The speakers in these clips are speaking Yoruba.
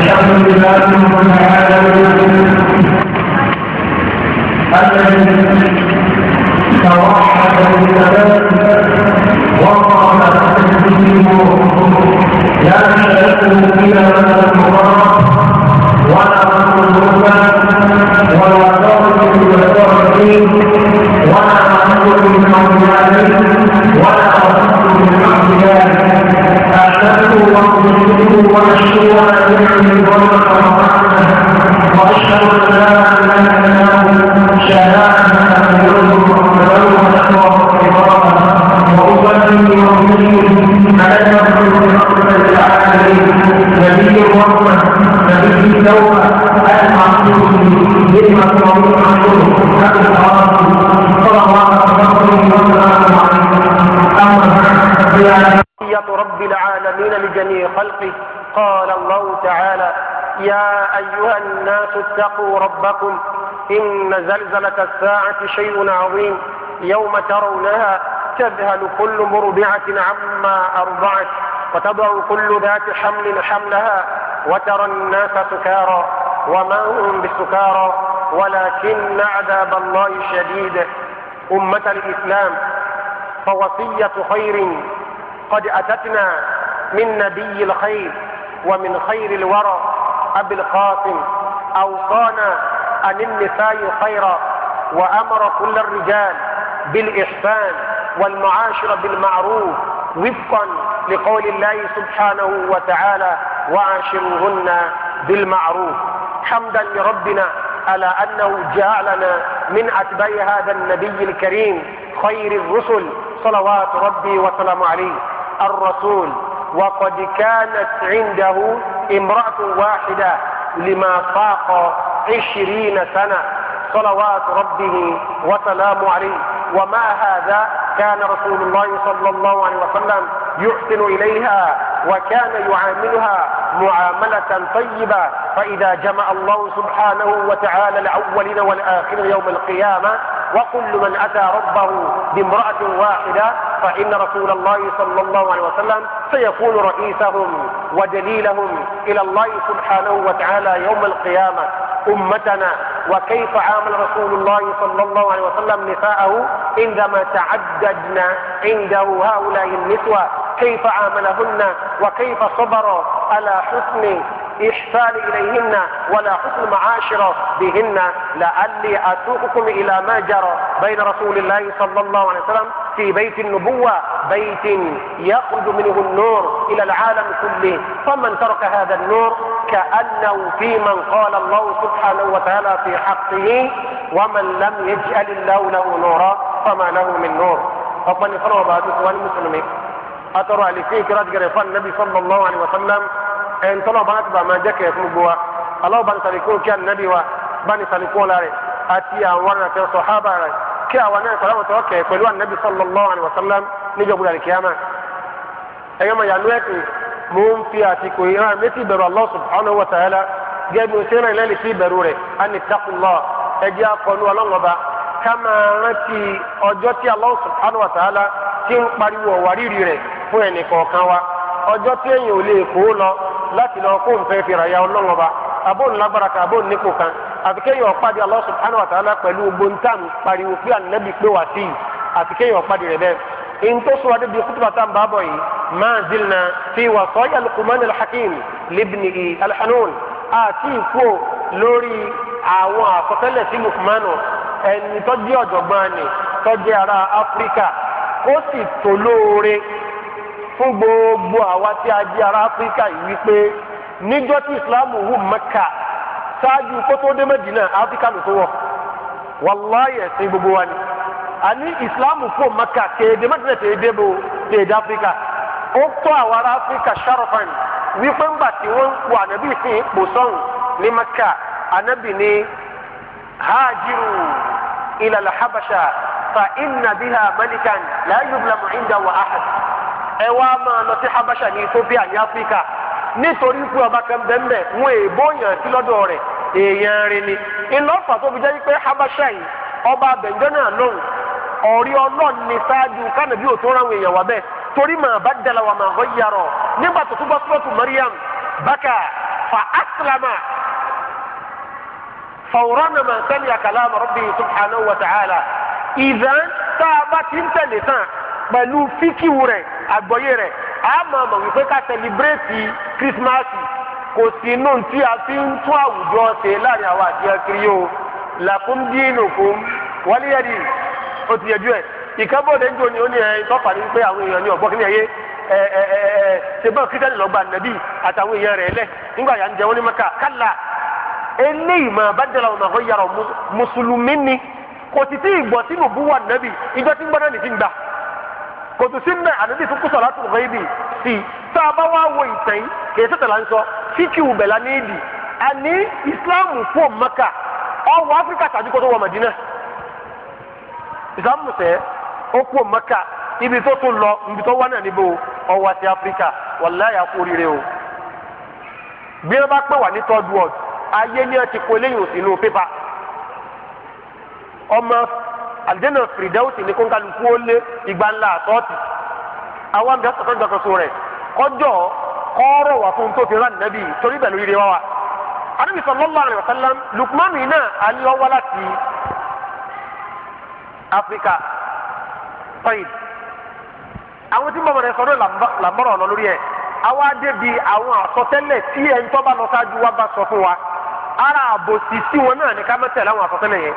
الحمد لله رب العالمين الذي توحد بالثبات وقع به لا شريك الى جميع خلقه قال الله تعالى يا أيها الناس اتقوا ربكم إن زلزلة الساعة شيء عظيم يوم ترونها تذهل كل مرضعة عما أرضعت وتضع كل ذات حمل حملها وترى الناس سكارى وما هم بسكارى ولكن عذاب الله شديد أمة الإسلام فوصية خير قد أتتنا من نبي الخير ومن خير الورى أبي القاسم أوصانا أن النساء خيرا وأمر كل الرجال بالإحسان والمعاشرة بالمعروف وفقا لقول الله سبحانه وتعالى وعاشرهن بالمعروف حمدا لربنا على أنه جعلنا من أتباع هذا النبي الكريم خير الرسل صلوات ربي وسلامه عليه الرسول وقد كانت عنده امرأة واحدة لما فاق عشرين سنة صلوات ربه وسلامه عليه وما هذا كان رسول الله صلى الله عليه وسلم يحسن إليها وكان يعاملها معاملة طيبة فإذا جمع الله سبحانه وتعالى الأولين والآخرين يوم القيامة وكل من أتى ربه بامرأة واحدة فإن رسول الله صلى الله عليه وسلم سيكون رئيسهم ودليلهم إلى الله سبحانه وتعالى يوم القيامة أمتنا وكيف عامل رسول الله صلى الله عليه وسلم نساءه عندما تعددنا عنده هؤلاء النسوة كيف عاملهن وكيف صبر على حسن إحسان إليهن ولا حسن معاشرة بهن لعلي أسوقكم إلى ما جرى بين رسول الله صلى الله عليه وسلم في بيت النبوة بيت يخرج منه النور إلى العالم كله فمن ترك هذا النور كأنه في من قال الله سبحانه وتعالى في حقه ومن لم يجعل الله له نورا فما له من نور أطلع فرما بعد إخواني المسلمين أترى لكي كرات جريفان النبي صلى الله عليه وسلم ẹ̀ńtọ́lọ́ bá ti bá máa jẹ́ kẹ̀ fún gbogbo wa aláwọ̀ bá ní sàlìkún kí ànábì wa bá ní sàlìkún ọ̀la rẹ̀ àti àwọn àrẹ̀tẹ̀ sọ̀hábà rẹ̀ kí àwọn náà sọ̀rọ̀ àwọn tọ́kẹ̀ pẹ̀lú ànábì sallallahu alaihi wasallam níjọ́ gbọdọ̀ àlìkíyàmà ẹ̀yọ́ mọ̀ yàlú ẹ̀sìn mò ń fi àtìkò ìran méjì bẹ̀rù Allah subhanahu wa ta'ala gẹ́gẹ́ bí sẹ́nà ilé lè bẹ̀rù rẹ̀ àni takunlọ ẹ̀jẹ̀ akọni ọlọ́ngọba ká máa rántí ọjọ́ tí Allah ò lè kó lọ láti lọ kó nfẹ́ fi ràyà ọlọ́run ọba abó ńlágbára kan abó nípò kan àti kéèyàn ọ̀pádì Allah subhanahu wa ta'ala pẹ̀lú gbóntàn pariwo pé ànábì pé wà sí i àti kéèyàn ọ̀pádì rẹ̀ bẹ́ẹ̀. ntòsó adébí kútùbà tá à ń bá bọ̀ yìí máa zilna fi wasaya Luqman al-Hakim libnihi al-Hanun àti ìkó lórí àwọn àkọsẹ́lẹ̀ sí Luqman ẹni tọ́jú ọ̀jọ̀gbọ́n ni tọ́jú ará Áfíríkà ó sì tó lóore fún gbogbo àwa tí a jẹ́ ará áfíríkà yìí wípé níjọ́ tí islam wù mẹ́kà ṣáájú kótó dé mẹ́dínà áfíríkà ló tó wọ̀ wàláyé ẹ̀sìn gbogbo wa ni àní islam fún mẹ́kà kéde mẹ́dínà kéde bò kéde áfíríkà ó tọ́ àwọn ará áfíríkà sharafan wípé ńgbà tí wọ́n ń po ànábì sìn ipò sọ́hùn ní mẹ́kà ànábì ní hajiru ilal habasha fa inna biha malikan la yublamu inda wa ahad ẹ wá máa lọ sí habasha ní ethiopia ní áfíríkà nítorí pé ọba kan bẹ́ẹ̀ wọn èèbó yàn sí lọ́dọ̀ rẹ̀ èèyàn rẹ̀ ni ìlọ́fà tó fi jẹ́ pé habasha yìí ọba abẹ̀jọ́ náà lóhùn ọ̀rí ọlọ́run ní sáájú kánàbí ò tó ráwọn èèyàn wá bẹ́ẹ̀ torí màá bá dala màá hó yarọ̀ nígbà tó tún bọ́ sọ́tù mariam bákà fa asilama fawuran na màá sẹ́ni àkàlà àmọ́ subhanahu wa ta'ala ìdán tá a bá ti ń tẹ̀lé tán pẹ̀lú fíkìwù rẹ̀ àgbọ́yé rẹ̀ a máa mọ̀ wípé ká sẹlibrétì kírísímásì kò sí inú tí a fi ń tún àwùjọ ṣe láàrin àwa àti akiri o làkún dínú fún wálíyẹ́dì ó ti yẹjú ẹ̀ ìkẹ́bọ̀dé ń jò ní ẹ̀ ní pé àwọn èèyàn ní ọ̀gbọ́n kí ni ẹ̀yẹ ṣebọn kristiani lọ gba àtàwọn èèyàn rẹ̀ nígbà yà ń ní kálá eléyìí bá mùsùlùmí ni kò sì tí ì gbọ́ sínú ìjọ kò tún sí mẹ́ ànábì tún kú sí tá a bá wá wo ìtàn kì í tètè là ń sọ fíkìwù bẹ̀lá ní ìdì àní ìsìláàmù fún Mẹ́kà ọwọ́ áfíríkà tàbí kó wọ Mẹdínà ìsìláàmù sẹ́ ó kú Mẹ́kà ibi tó tún lọ ibi tó wá náà níbo ọwọ́ àti áfíríkà wàláyà kú o bí wọ́n bá ní third world ayé ni àlùjẹ́nà fìrìdáwùsì ní kóńkálukú ó lé igba ńlá àtọ́ọ̀tì àwọn àgbà sọ̀tọ́ ìgbàkọ̀sọ rẹ̀ kọjọ́ kọ́rọ̀ wà fún tó fi rán nàbì torí bẹ̀lú rírẹ wá wa. àdébì sallallahu alaihi wasallam Lukman iná alíọ́wá láti Áfíríkà tọ́yìn àwọn tí bàbá rẹ̀ sọ̀rọ̀ làmọ́rọ̀ ọ̀nà lórí ẹ̀ àwa dé bi àwọn àsọtẹ́lẹ̀ tí ẹ̀ ń tọ́ bá lọ sáájú wa bá sọ fún wa ara àbòsí sí wọn náà ní ká mẹ́tẹ̀lẹ́ àwọn àsọtẹ́lẹ̀ yẹn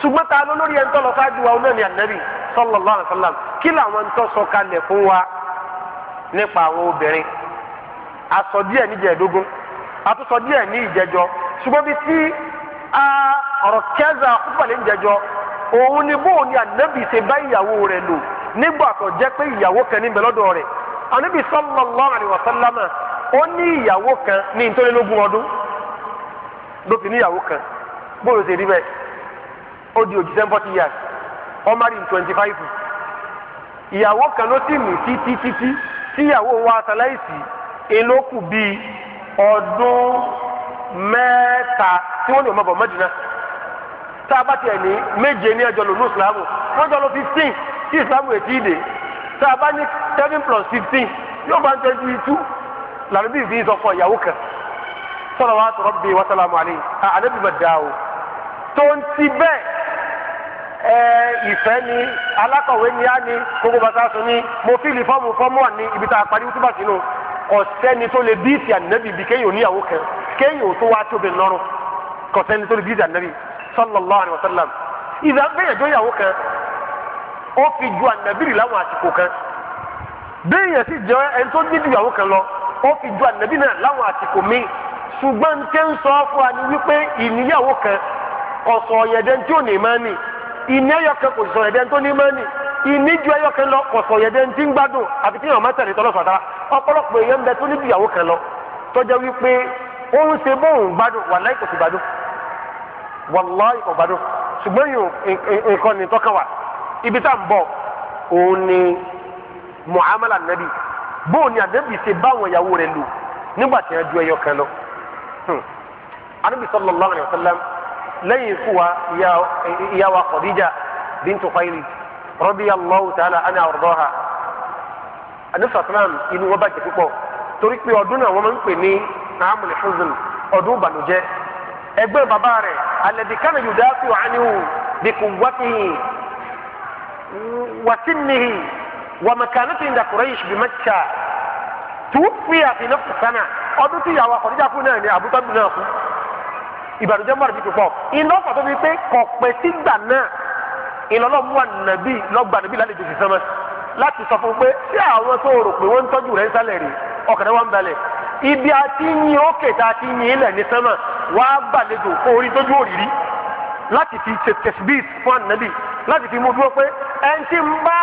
ṣùgbọ́n ta ló lórí ẹni tó lọ sáájú wa náà ni ànábì sallallahu alaihi kí làwọn sọ kalẹ̀ fún wa nípa àwọn obìnrin asọ díẹ̀ níjẹ̀ẹ́dógún atúsọ ní ìjẹjọ ṣùgbọ́n bí tí ọ̀rọ̀ òun ni bóun ni ànábì ṣe bá ìyàwó rẹ̀ lò nígbà tó jẹ́ pé ìyàwó kan níbẹ̀ lọ́dọ̀ rẹ̀ ànábì ó di òjì seventy years ó marry in twenty five ìyàwó kan ló sì mí títí títí tíyàwó wa sáláìsì ìlókù bíi ọdún mẹ́ta tí wọ́n ní ọmọ bọ̀ mẹ́dínà tá a bá tiẹ̀ ní méje ní ẹjọ́ lòlú ìsìlámù wọ́n jọ lọ fifteen tí ìsìlámù ètí ìdè tá a bá ní seven plus fifteen yóò bá ń tẹ́jú itú lànà bíi bíi sọ fún ìyàwó kan sọ̀rọ̀ wa tọ̀rọ̀ bíi wàsálàmù àlẹ́ àlẹ́ bíi bẹ̀ o tó ń ti bẹ́ẹ̀ ìfẹ́ ni alákọ̀wé ni á ni gbogbo bàtà sùn ni mo fíìlì fọ́ọ̀mù fọ́ọ̀mù wà ní ibi tá a parí wútúbà sínú ọ̀sẹ́ni tó lè bí ìsì ànábì bí kéèyàn oníyàwó kan kéèyàn tó wá tóbi lọ́rùn kọ̀sẹ́ni tó lè bí ìsì ànábì sallallahu alaihi wasallam ìdá bẹ́yẹn tó yàwó kan ó fi ju ànábìrì láwọn àsìkò kan bẹ́yẹn sì jẹ́ ẹni tó dídì ìyàwó kan lọ ó fi ju ànábì náà láwọn àsìkò míì ṣùgbọ́n tẹ́ ń sọ fún wa ni wípé ìníyàwó kan ọ̀sọ̀ ọ̀yẹ̀dẹ́ tí ò ní máa nì ìní ẹyọkẹ kò sọ yẹdẹ tó ní mẹni ìní ju ẹyọkẹ lọ kò sọ yẹdẹ tí ń gbádùn àbí tí yàrá mẹ́ta nìtọ́ lọ́sọ̀ọ́ dára ọ̀pọ̀lọpọ̀ èèyàn ń bẹ tó níbi ìyàwó kan lọ tọ́jà wípé ṣe bóun gbádùn kò sì gbádùn kò gbádùn ṣùgbọ́n nǹkan ibi tá à ń bọ̀ ni muhammadu anabi bóun ni anabi ṣe báwọn ìyàwó rẹ̀ lò nígbà tí wọ́n ju lọ hmm. anabi lẹ́yìn ikú wa ìyá wa Khadija bintu Khuwaylid radiyallahu ta'ala anha ardaha anisasalam inú wọn bàjẹ́ púpọ̀ torí pé ọdún náà wọ́n máa ń pè ní amul huzn ọdún ìbànújẹ́ ẹgbẹ́ bàbá rẹ̀ alladhi kana yudafi'u anhu bi quwwatihi wa sinnihi wa makanatihi inda Quraysh bi Makkah tuwuffiya fi nafsi sana ọdún tí ìyàwó Khadija kú náà ni Abu ìbànújẹ́ mọ́ àdìsí púpọ̀ iná ọ̀pọ̀ tó fi pé kọ̀pẹ́ sígbà náà ìlọ́lọ́mú ànàbí lọ́gbà ànàbí lálejò sí sánmọ́ láti sọ fún pé tí àwọn tó rò pé wọ́n ń tọ́jú rẹ̀ ń sálẹ̀ rè ọkàn wọn balẹ̀ ibi àti yin òkè tá a ti yin ilẹ̀ ní sánmọ́ wá gbàlejò orí tójú òrìrí láti fi ṣe tẹ̀síbíìt fún ànàbí láti fi mú dúró pé ẹni tí ń bá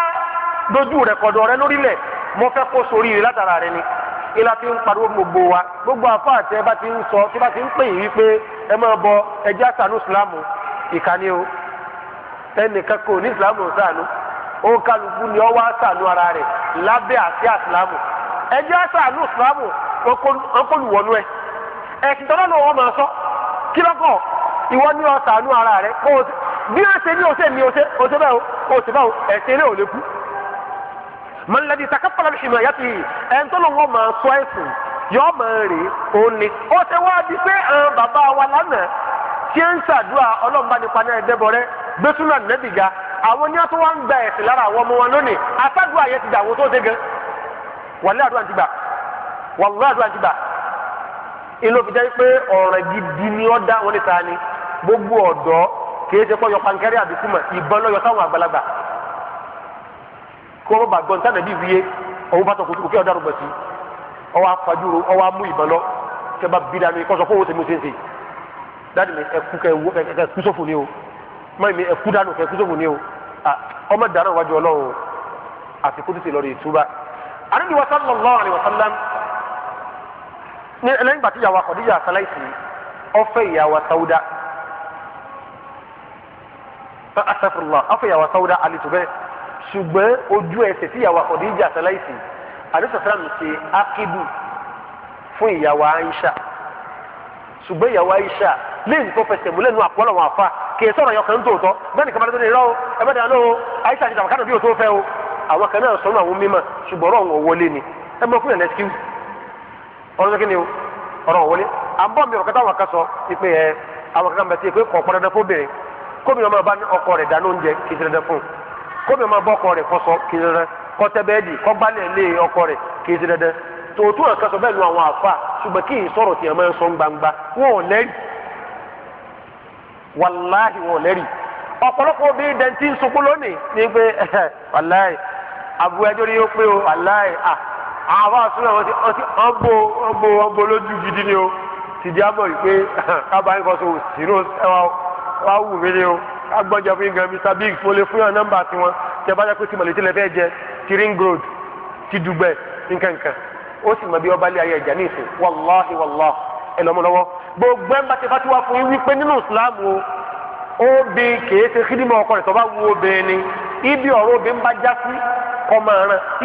dojú rẹ̀ kọ̀dọ̀ rẹ̀ lórílẹ̀ mo fẹ́ kó sórí rẹ̀ látara rẹ̀ ni kí la ń pariwo gbogbo wa gbogbo àfa àti ẹ bá ti ń sọ tí bá ti ń pè yín wípé ẹ máa bọ ẹjẹ àṣàánú ìsìlámù ìkànnì o ẹnìkan kò ní ìsìlámù ó kálukú ni ọ wá ara rẹ lábẹ́ àti àsìlámù ẹjẹ àṣàánú ìsìlámù ọkọlùwọnú ẹ ẹsìn tọ́lá wọ́n máa sọ kí lọ́kọ̀ ìwọ ara bí ó ṣe ní ní mọ̀lẹ́dì takapala ìmọ̀yàtì ẹ̀ńtọ́lọ́wọ́ máa sọ ẹ̀sìn yọ máa rè ó ní. ó ṣe wá di pé àwọn bàbá wa lánàá tí ń ṣàdúrà ọlọ́mùbá nípa náà ẹ̀dẹ́bọ̀rẹ́ gbẹ́sùnà nẹ́bìgà àwọn ní àtúwà ń gba ẹ̀sìn lára àwọn ọmọ wọn lónìí àtàdúrà yẹn ti gbà wọ́n tó dé gan. wàlẹ́ àdúrà ti gbà wàlúwà àdúrà ti gbà. ìlú fi jẹ́ pé ọ̀ràn gidi ni ó dá wọn níta ni gbogbo ọ̀dọ́ kì í ṣe pọ́ yọ pankẹ́rẹ́ àbíkú mọ̀ ìbọn lọ́yọ̀ táwọn àgbàlagbà kó o bá gbọ́n tánà bí wíyé ọwọ́ bá tọkùn òkè ọ̀dà rògbòsí ọwọ́ afajúro ọwọ́ amú ìbọn lọ kẹ bá bí dání kọ́sọ́ kó o tẹ̀mí o ṣeéṣe mi ẹ̀kú kẹ wọ kẹ kú sófò ni o mọ́ mi ẹ̀kú dànù kẹ kú sófò ni o ọmọ dànù wájú ọlọ́run àti kó tètè lọ́ọ́ ìtura àdéhùn wa sallallahu alaihi wa sallam ní ẹlẹ́yìn gbàtí yàwó akọ̀díjà àtàláìsì ọ̀fẹ́ ìyàwó sáwúdà asafurullah ṣùgbọ́n ojú ẹsẹ̀ tí ìyàwó Khadija àtàláìsì àdúsàsàràm ṣe ákídù fún ìyàwó Aisha ṣùgbọ́n ìyàwó Aisha lè ń tó fẹsẹ̀ múlẹ̀ nù àpọ́lọ̀ wọn àfa kì í sọ̀rọ̀ yọkàn tó tọ́ bẹ́ẹ̀ ni kàmáda tó ní ìrọ́ ẹ bẹ́ẹ̀ dáná o Aisha àti tàbí kánàbí ò tó fẹ́ o àwọn kan náà sọ̀rọ̀ àwọn mímọ́ ṣùgbọ́n ọ̀rọ̀ wọn ni ẹ mọ fún ni o ọ̀rọ̀ wọlé à ń bọ̀ mi ọ̀kẹ́tà àwọn kan sọ ìpè ẹ àwọn kan bẹ̀ sí ìpè kóbi ma bọ́ ọkọ rẹ̀ kọ́sọ kí dandan kọ́tẹ́bẹ́ẹ̀dì kọ́gbálẹ̀ lé ọkọ rẹ̀ kí ti dandan tòótọ́ àwọn kan sọ bẹ́ẹ̀ lu àwọn àfa ṣùgbọ́n kí n sọ̀rọ̀ tiẹ̀ máa ń sọ gbangba wọn ò lẹ́rì wàláhì wọn ò lẹ́rì ọ̀pọ̀lọpọ̀ bí dẹ́ntì ń sunkún lónìí ní pé wàláhì àbúrò ẹjọ́ ni yóò pé o wàláhì à àwọn àtúnlẹ̀ wọn ti ọ́n bo ọ́n bo ọ́n bo lójú gidi ni o tìdí àbọ̀ yìí pé kábàáyé kan so ẹ wá wù mí ni o. agbọ́njọ fún yín Mr Biggs mo lè fún yàn nọ́mbà tiwọn tẹ bá yẹ tí jẹ ti ring road ti dùgbẹ́ nkankan ó sì mọ bí ọba lé ayé ìjà ní ìsìn wàláhi wàláhi ẹ lọ́mọ lọ́wọ́ gbogbo ẹ̀ ń bá ti fati fún yín wípé nínú Islam o ó kee kèé ọkọ tó bá obìnrin ibi ọ̀rọ̀ bá já ọmọ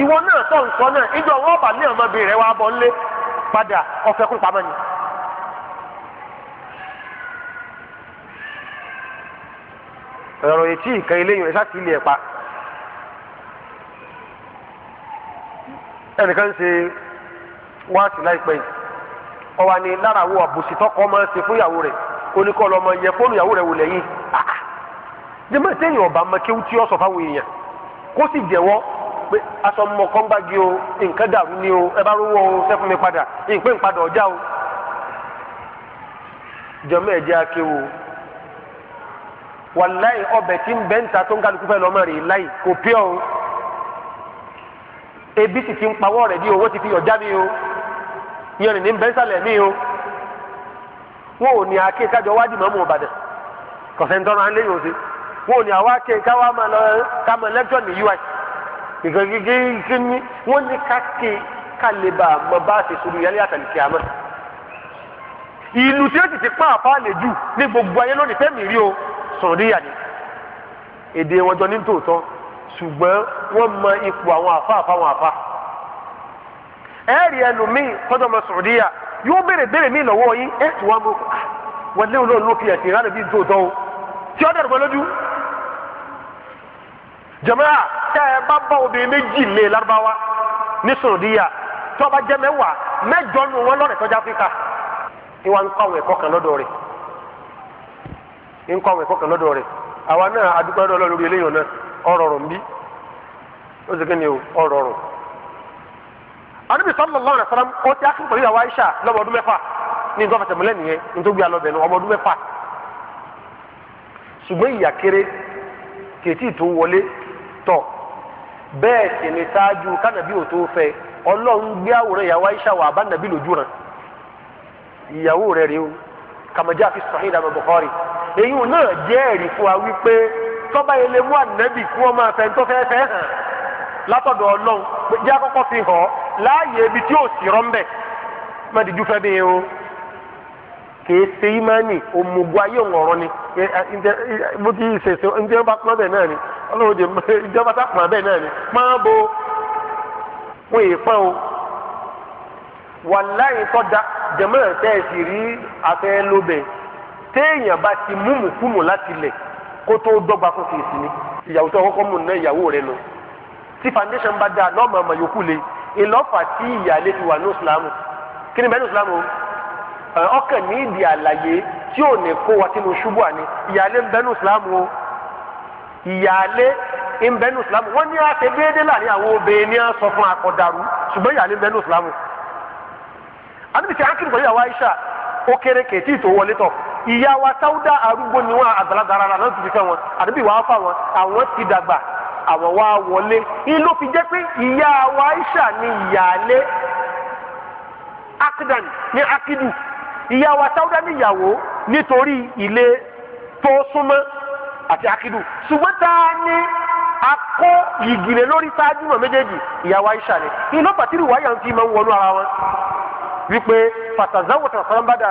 ìwọ náà náà ìjọ wọn ní ọmọbìnrin rẹ bọ̀ ọ̀rọ̀ etí ìkan eléyìí ẹ̀ sáàtì ilé ẹ̀ pa ẹnìkan ṣe wáàtí láìpẹ́ yìí ọwọ́ ni lára àwọn àbòsí tọkọ máa ń ṣe fún ìyàwó rẹ̀ oníkọ́lọ́ ọmọ yẹ fóònù ìyàwó rẹ̀ wò lẹ́yìn àá jẹ́mọ̀ téèyàn ọba mọ kéwú tí ó sọ fáwọn èèyàn kó sì jẹ́wọ́ pé aṣọ mọ kọ́ ń gbági o nǹkan dàrú ni o ẹ bá rówó o sẹ́fún mi padà ìpín ìpadà ọjà o jọmọ ẹ̀jẹ̀ akéwò wàláyé ọbẹ̀ tí ń bẹ́ ń ta tó ń kálukú fẹ́ lọ́mọ rẹ̀ láyé kò pé o ebi sì ti ń pawọ́ rẹ̀ bí owó ti fi ọjà mi o yẹn ní bẹ́ sálẹ̀ mi o wọn ò ní àáké kájọ wájú mọ́mú Ìbàdàn kọ̀sẹ̀ntọ́nà ń léyìn òde wọn ò ní àwọn àáké káwá máa lọ ká máa lẹ́tọ̀ ní UI ìgbàgbẹ́gẹ́ ní wọ́n ní káké kálíbà mọ bá ṣe sùúrù yálé àtàlìkì àmọ́ ìlú tí ó sì ti pa àpá sọ̀rọ̀díyà ni èdè wọn jọ ní tòótọ́ ṣùgbọ́n wọ́n mọ ipò àwọn àfa àfa àwọn àfa ẹ̀ẹ́rì ẹlòmíì tọ́jọ́ ọmọ sọ̀rọ̀díyà yóò béèrè béèrè mí lọ́wọ́ yín ẹ̀ tí ah, wọ́n mú wọn léwu lóun ló fi ẹ̀sìn ìrànlẹ́ bí tòótọ́ o tí ó dẹ̀rù pẹ́ lójú jàmáà tẹ́ ẹ bá bá obìnrin méjì lé lárúbáwá ní sọ̀rọ̀díyà tó bá jẹ́ mẹ́wàá mẹ́jọ nù wọn lọ́rẹ̀ tọ́jú áfíríkà ìwà ń kọ́ àwọn ẹ̀kọ́ kan lọ́dọ̀ rẹ̀ nkọ́ àwọn ẹ̀kọ́ kan lọ́dọ̀ rẹ̀ àwa náà adúpẹ́ lọ́dọ̀ lórí eléyìí náà ọ̀rọ̀rùn bí ó sì kéde ọ̀rọ̀rùn. Ànábì sallallahu alaihi wasallam ó ti ákínkọ̀ yíyàwó Aisha lọ́mọ ọdún mẹ́fà ní nǹkan fẹsẹ̀mọ́lẹ́ nìyẹn nítorí gbé alọ́bẹ̀ ọmọ ọdún mẹ́fà ṣùgbọ́n ìyà kéré kètì tó wọlé tọ̀ bẹ́ẹ̀ sì ni kánàbí Aisha wà lójú ìyàwó rẹ̀ o èyí ò náà jẹ́ ẹ̀rí fún wa wípé tọ́ba yẹn lè mú ànábì kí wọ́n máa fẹ́ tó fẹ́ fẹ́ hàn látọ̀dọ̀ ọlọ́run pé jẹ́ akọ́kọ́ fi hàn láàyè ibi o ayé ọ̀rọ̀ ni mo ti ṣèṣe ìjọba pọ́n bẹ́ẹ̀ náà ni ọlọ́run jẹ ìjọba tá pọ́n bẹ́ẹ̀ náà ni bo wọ́n yìí pọ́n o wàláyé tọ́ da jẹ̀mọ́ ẹ̀ tẹ́ ẹ̀ téèyàn bá ti mú mùkúmù láti lẹ kó tó dọ́gba kó fi ìsinmi ìyàwó tó kọ́kọ́ mú ná ìyàwó rẹ lọ tí foundation bá dáa lọ́ọ̀mọ̀ ọmọ yòókù le ìlọ́fà tí ìyàlé fi wà ní ìsìlámù kí ni bẹ́ẹ̀ ní ọkàn ní ìdí àlàyé tí ò ní kó wa sínú ṣubú àní ń bẹ́ẹ̀ ní o tí ìyá wa sáwúdà arúgbó ni wọn àgbàlagbà ara náà tuntun fẹ́ wọn àdébí wàá fà wọn àwọn ti dàgbà àwọn wa wọlé ìlú fi jẹ́ pé ìyá wa Aisha ni ìyáálé akidan ní akidu ìyá wa sáwúdà ni ìyàwó nítorí ilé tó súnmọ́ àti akidu ṣùgbọ́n tá a ní akó ìgìlẹ̀ lórí sáájú mọ̀ méjèèjì ìyá wa Aisha ni ìlú pàtírì wáyà ń fi máa ń wọnú ara wọn wípé fàtàzáwò tàbí sọ́nbàdà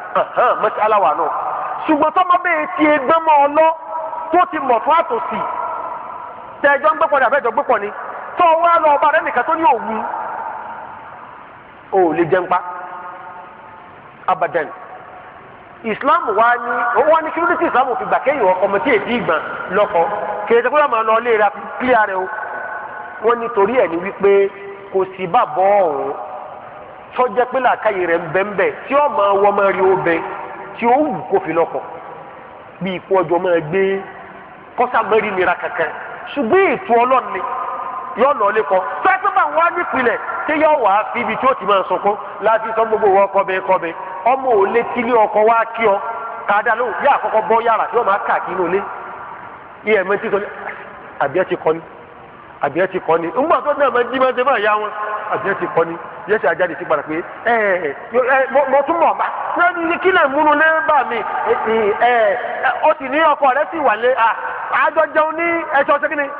mọ́ṣálá wà náà ṣùgbọ́n tọ́mọ bẹ́ẹ̀ ti ẹgbẹ́ mọ́ ọ lọ tó ti mọ̀ fún àtòsí tẹ̀jọ́ ń gbẹ́pọ̀ ní abẹ́jọ́ gbẹ́pọ̀ ni tó o wá lọ ọba rẹ nìkan tó ní òwú o lè jẹun pa abadan islam wa ni ó wá ní kí ló dé tí islam fi gbà kéèyàn ọkọ ọmọ tí èdè ìgbà lọkọ kéèyàn tẹkọọ máa lọ ilé rẹ kílíà rẹ o wọn nítorí ẹ ní wípé kò sí bàbá ọ̀hún tọ́jà pé làákàyè rẹ̀ ń bẹ́ńbẹ́ tí ó máa wọ́ máa rí obẹ tí ó wù kó fi lọ́kọ̀ bí ipò ọjọ́ máa gbé kọ́sàmẹ́rì nira kankan ṣùgbọ́n ètò ọlọ́run ni yóò lọ lé kọ fẹ́ẹ́ bá wà nípìnlẹ̀ tí yóò wà á fi ibi tí ó ti máa sọkọ́ láti sọ gbogbo wọn kọ́bẹ kọ́bẹ ọmọ ò lé tílé ọkọ wá kí ọ káàdá lóhùn yóò àkọ́kọ́ bọ́ yàrá yóò máa kà kí inú ilé ìyẹ̀mẹ́tì sọ ah, àbí ẹ ti kọ́ ni. àbí ẹ ti kọ́ ni ńgbà tó náà máa ń dímọ̀ ṣe máa wọn àbí ẹ ti kọ ni yẹ ṣe ajáde ti padà pé ẹ ẹ mo tún mọ̀ bá ní kí lè múnú lé bá mi ẹ ọ sì ní ọkọ rẹ sì wà lé à àjọ jẹun ní ẹṣọ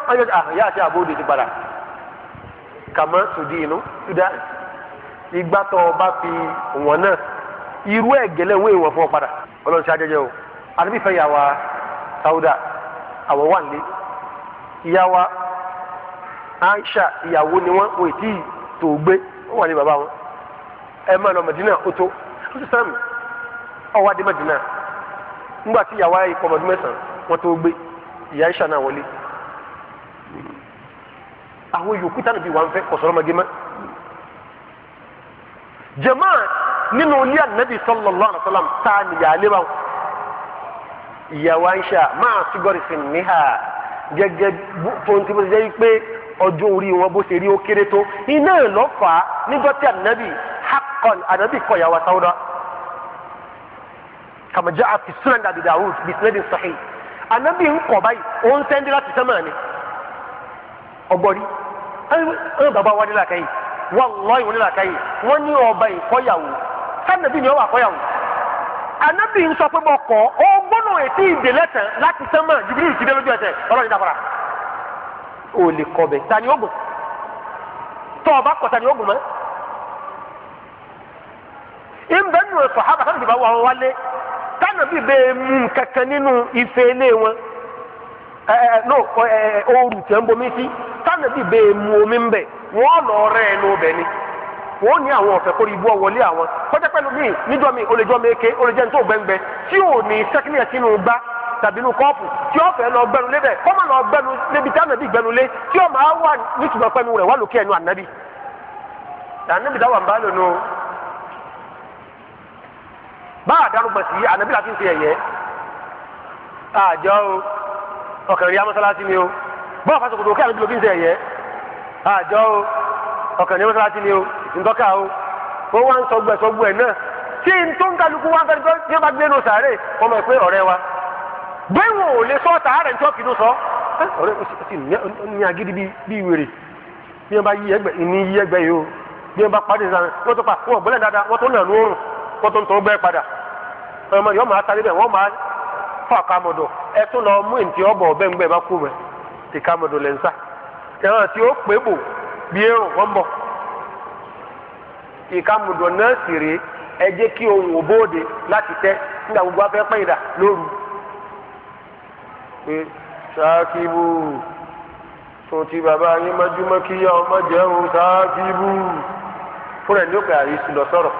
ọjọ à yà ṣe àbóde ti inú fi wọn náà irú wa Aisha ìyàwó ni wọn wò tí tó gbé wọn wà ní bàbá wọn ẹ máa lọ Madina ó tó ó ti sàmì ọwọ adé Madina nígbà tí ìyàwó ayé kọmọdún mẹ́sàn wọn tó gbé ìyá Aisha náà wọlé àwọn yòókù tánà bíi wà ń fẹ́ kọsọrọmọgé mọ jẹmáà nínú ilé ànábì sallallahu alaihi tá a nìyà alẹ́ báwọn ìyàwó Aisha máa sígọ́rì sí níhà gẹ́gẹ́ tó ń tí mo pé. ọjọ́ orí wọn bó ṣe rí ó kéré tó iná lọ fà á níjọ́ tí ànábì hakan ànábì kọ ìyàwó sáwọ́dá kàmájà àti sunan àbí dawud bí ànábì ń kọ̀ báyìí òun sẹ́ndí láti sẹ́mà ni ọgbọ́rí ẹ̀rọ bàbá wa nílà nílà wọ́n ní ọba ìkọ́yàwó sànàbì ni ànábì ń sọ pé bọ́ kọ́ ètí ìdè lẹ́tàn láti sẹ́mà jùbìlì ọlọ́run o le kọ tani ó gùn tọ ọba tani ó gùn mọ ìbẹ nù sàhábà tani bìbá wọn wálé tani bí bẹ mú kankan ninu ife no ẹ ooru tẹ ń bomi sí tani omi wọn lọ rẹ ni àwọn ọ̀fẹ́ kórìí ibú ọ̀wọ́lé àwọn kọjá pẹ̀lú mi mi mi tó tí tàbí inú kọ́ọ̀pù tí ó fẹ́ lọ gbẹnu lébẹ̀ kọ́ máa lọ gbẹnu lébi tí ànábì gbẹnu lé tí ó máa wà nítumọ̀ pẹ́nu rẹ̀ wà lókè ẹnu ànábì. ànábì dáwà ń bá lónìí o bá a darúgbọ̀n sí ànábì láti ń ṣe ẹ̀yẹ. àjọ o ọkàn rí amọ́sálásí ni o bọ́ọ̀ fásokòtò kí ànábì ló fi ń ṣe ẹ̀yẹ. àjọ o ọkàn rí amọ́sálásí ni o ntọ́ka o ó wá ń sọgbẹ̀sọgbẹ̀ náà tí n tó ń kálukú wá ń fẹ́ tí wọ́n bá gbé nù sàárè wọ́n mọ̀ pé ọ̀rẹ́ wa bẹ́ẹ̀ wọn ò lè sọ ọ̀tà rẹ̀ kìdó sọ ọ̀rẹ́ o sì ní agídí bíi wèrè bí wọn bá yí ẹgbẹ́ ìní yí ẹgbẹ́ yìí o bí wọn bá padì sàn tó pa wọn gbọ́lẹ̀ dáadáa tó nà oorun wọn tó ń tọ́ gbẹ́ padà ọmọ yìí máa máa fọ àkàmọ̀dọ̀ ẹ tún lọ mú ìntì bá kú kàmọ̀dọ̀ pé ṣáàkìbù tó ti bàbá yín mọ́júmọ́ kí yá ọmọ jẹun ṣáàkìbù fún ẹ̀ ní òkè àyè sùn sọ̀rọ̀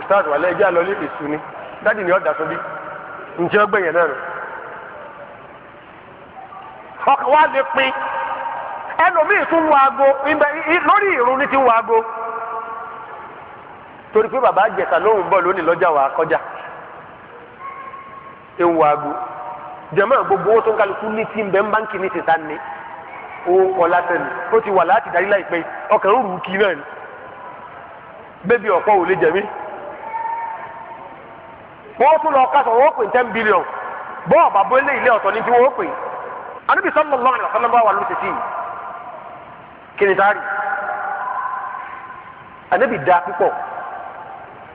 ustaz wàlẹ́ ẹjẹ́ àlọ́ ni dádì ni ọ̀dà sọ bí ǹjẹ́ náà rẹ̀. wa lè pin ẹlòmíì tún wọ aago lórí ìrún ti wọ aago torí pé bàbá lóhùn lọ́jà wà á kọjá ewu aago. jama gbogbo owó tó ń kálukú ní tí ń bẹ ń báńkì ní tìta ni ó kọ lásán ni ó ti wà láti darí láìpẹ́ ọkàn ń rù kí náà ni bébí ọ̀pọ̀ ò lè jẹ̀mí. wọ́n tún lọ kásán wọ́n pè ten billion bọ́ọ̀ bàbá ilé ilé ọ̀tọ̀ ni tí wọ́n pè. àníbi sọ́nà lọ́rùn lọ́sán lọ́wọ́ wa ló ti sí kí ni táàrí. àníbi da púpọ̀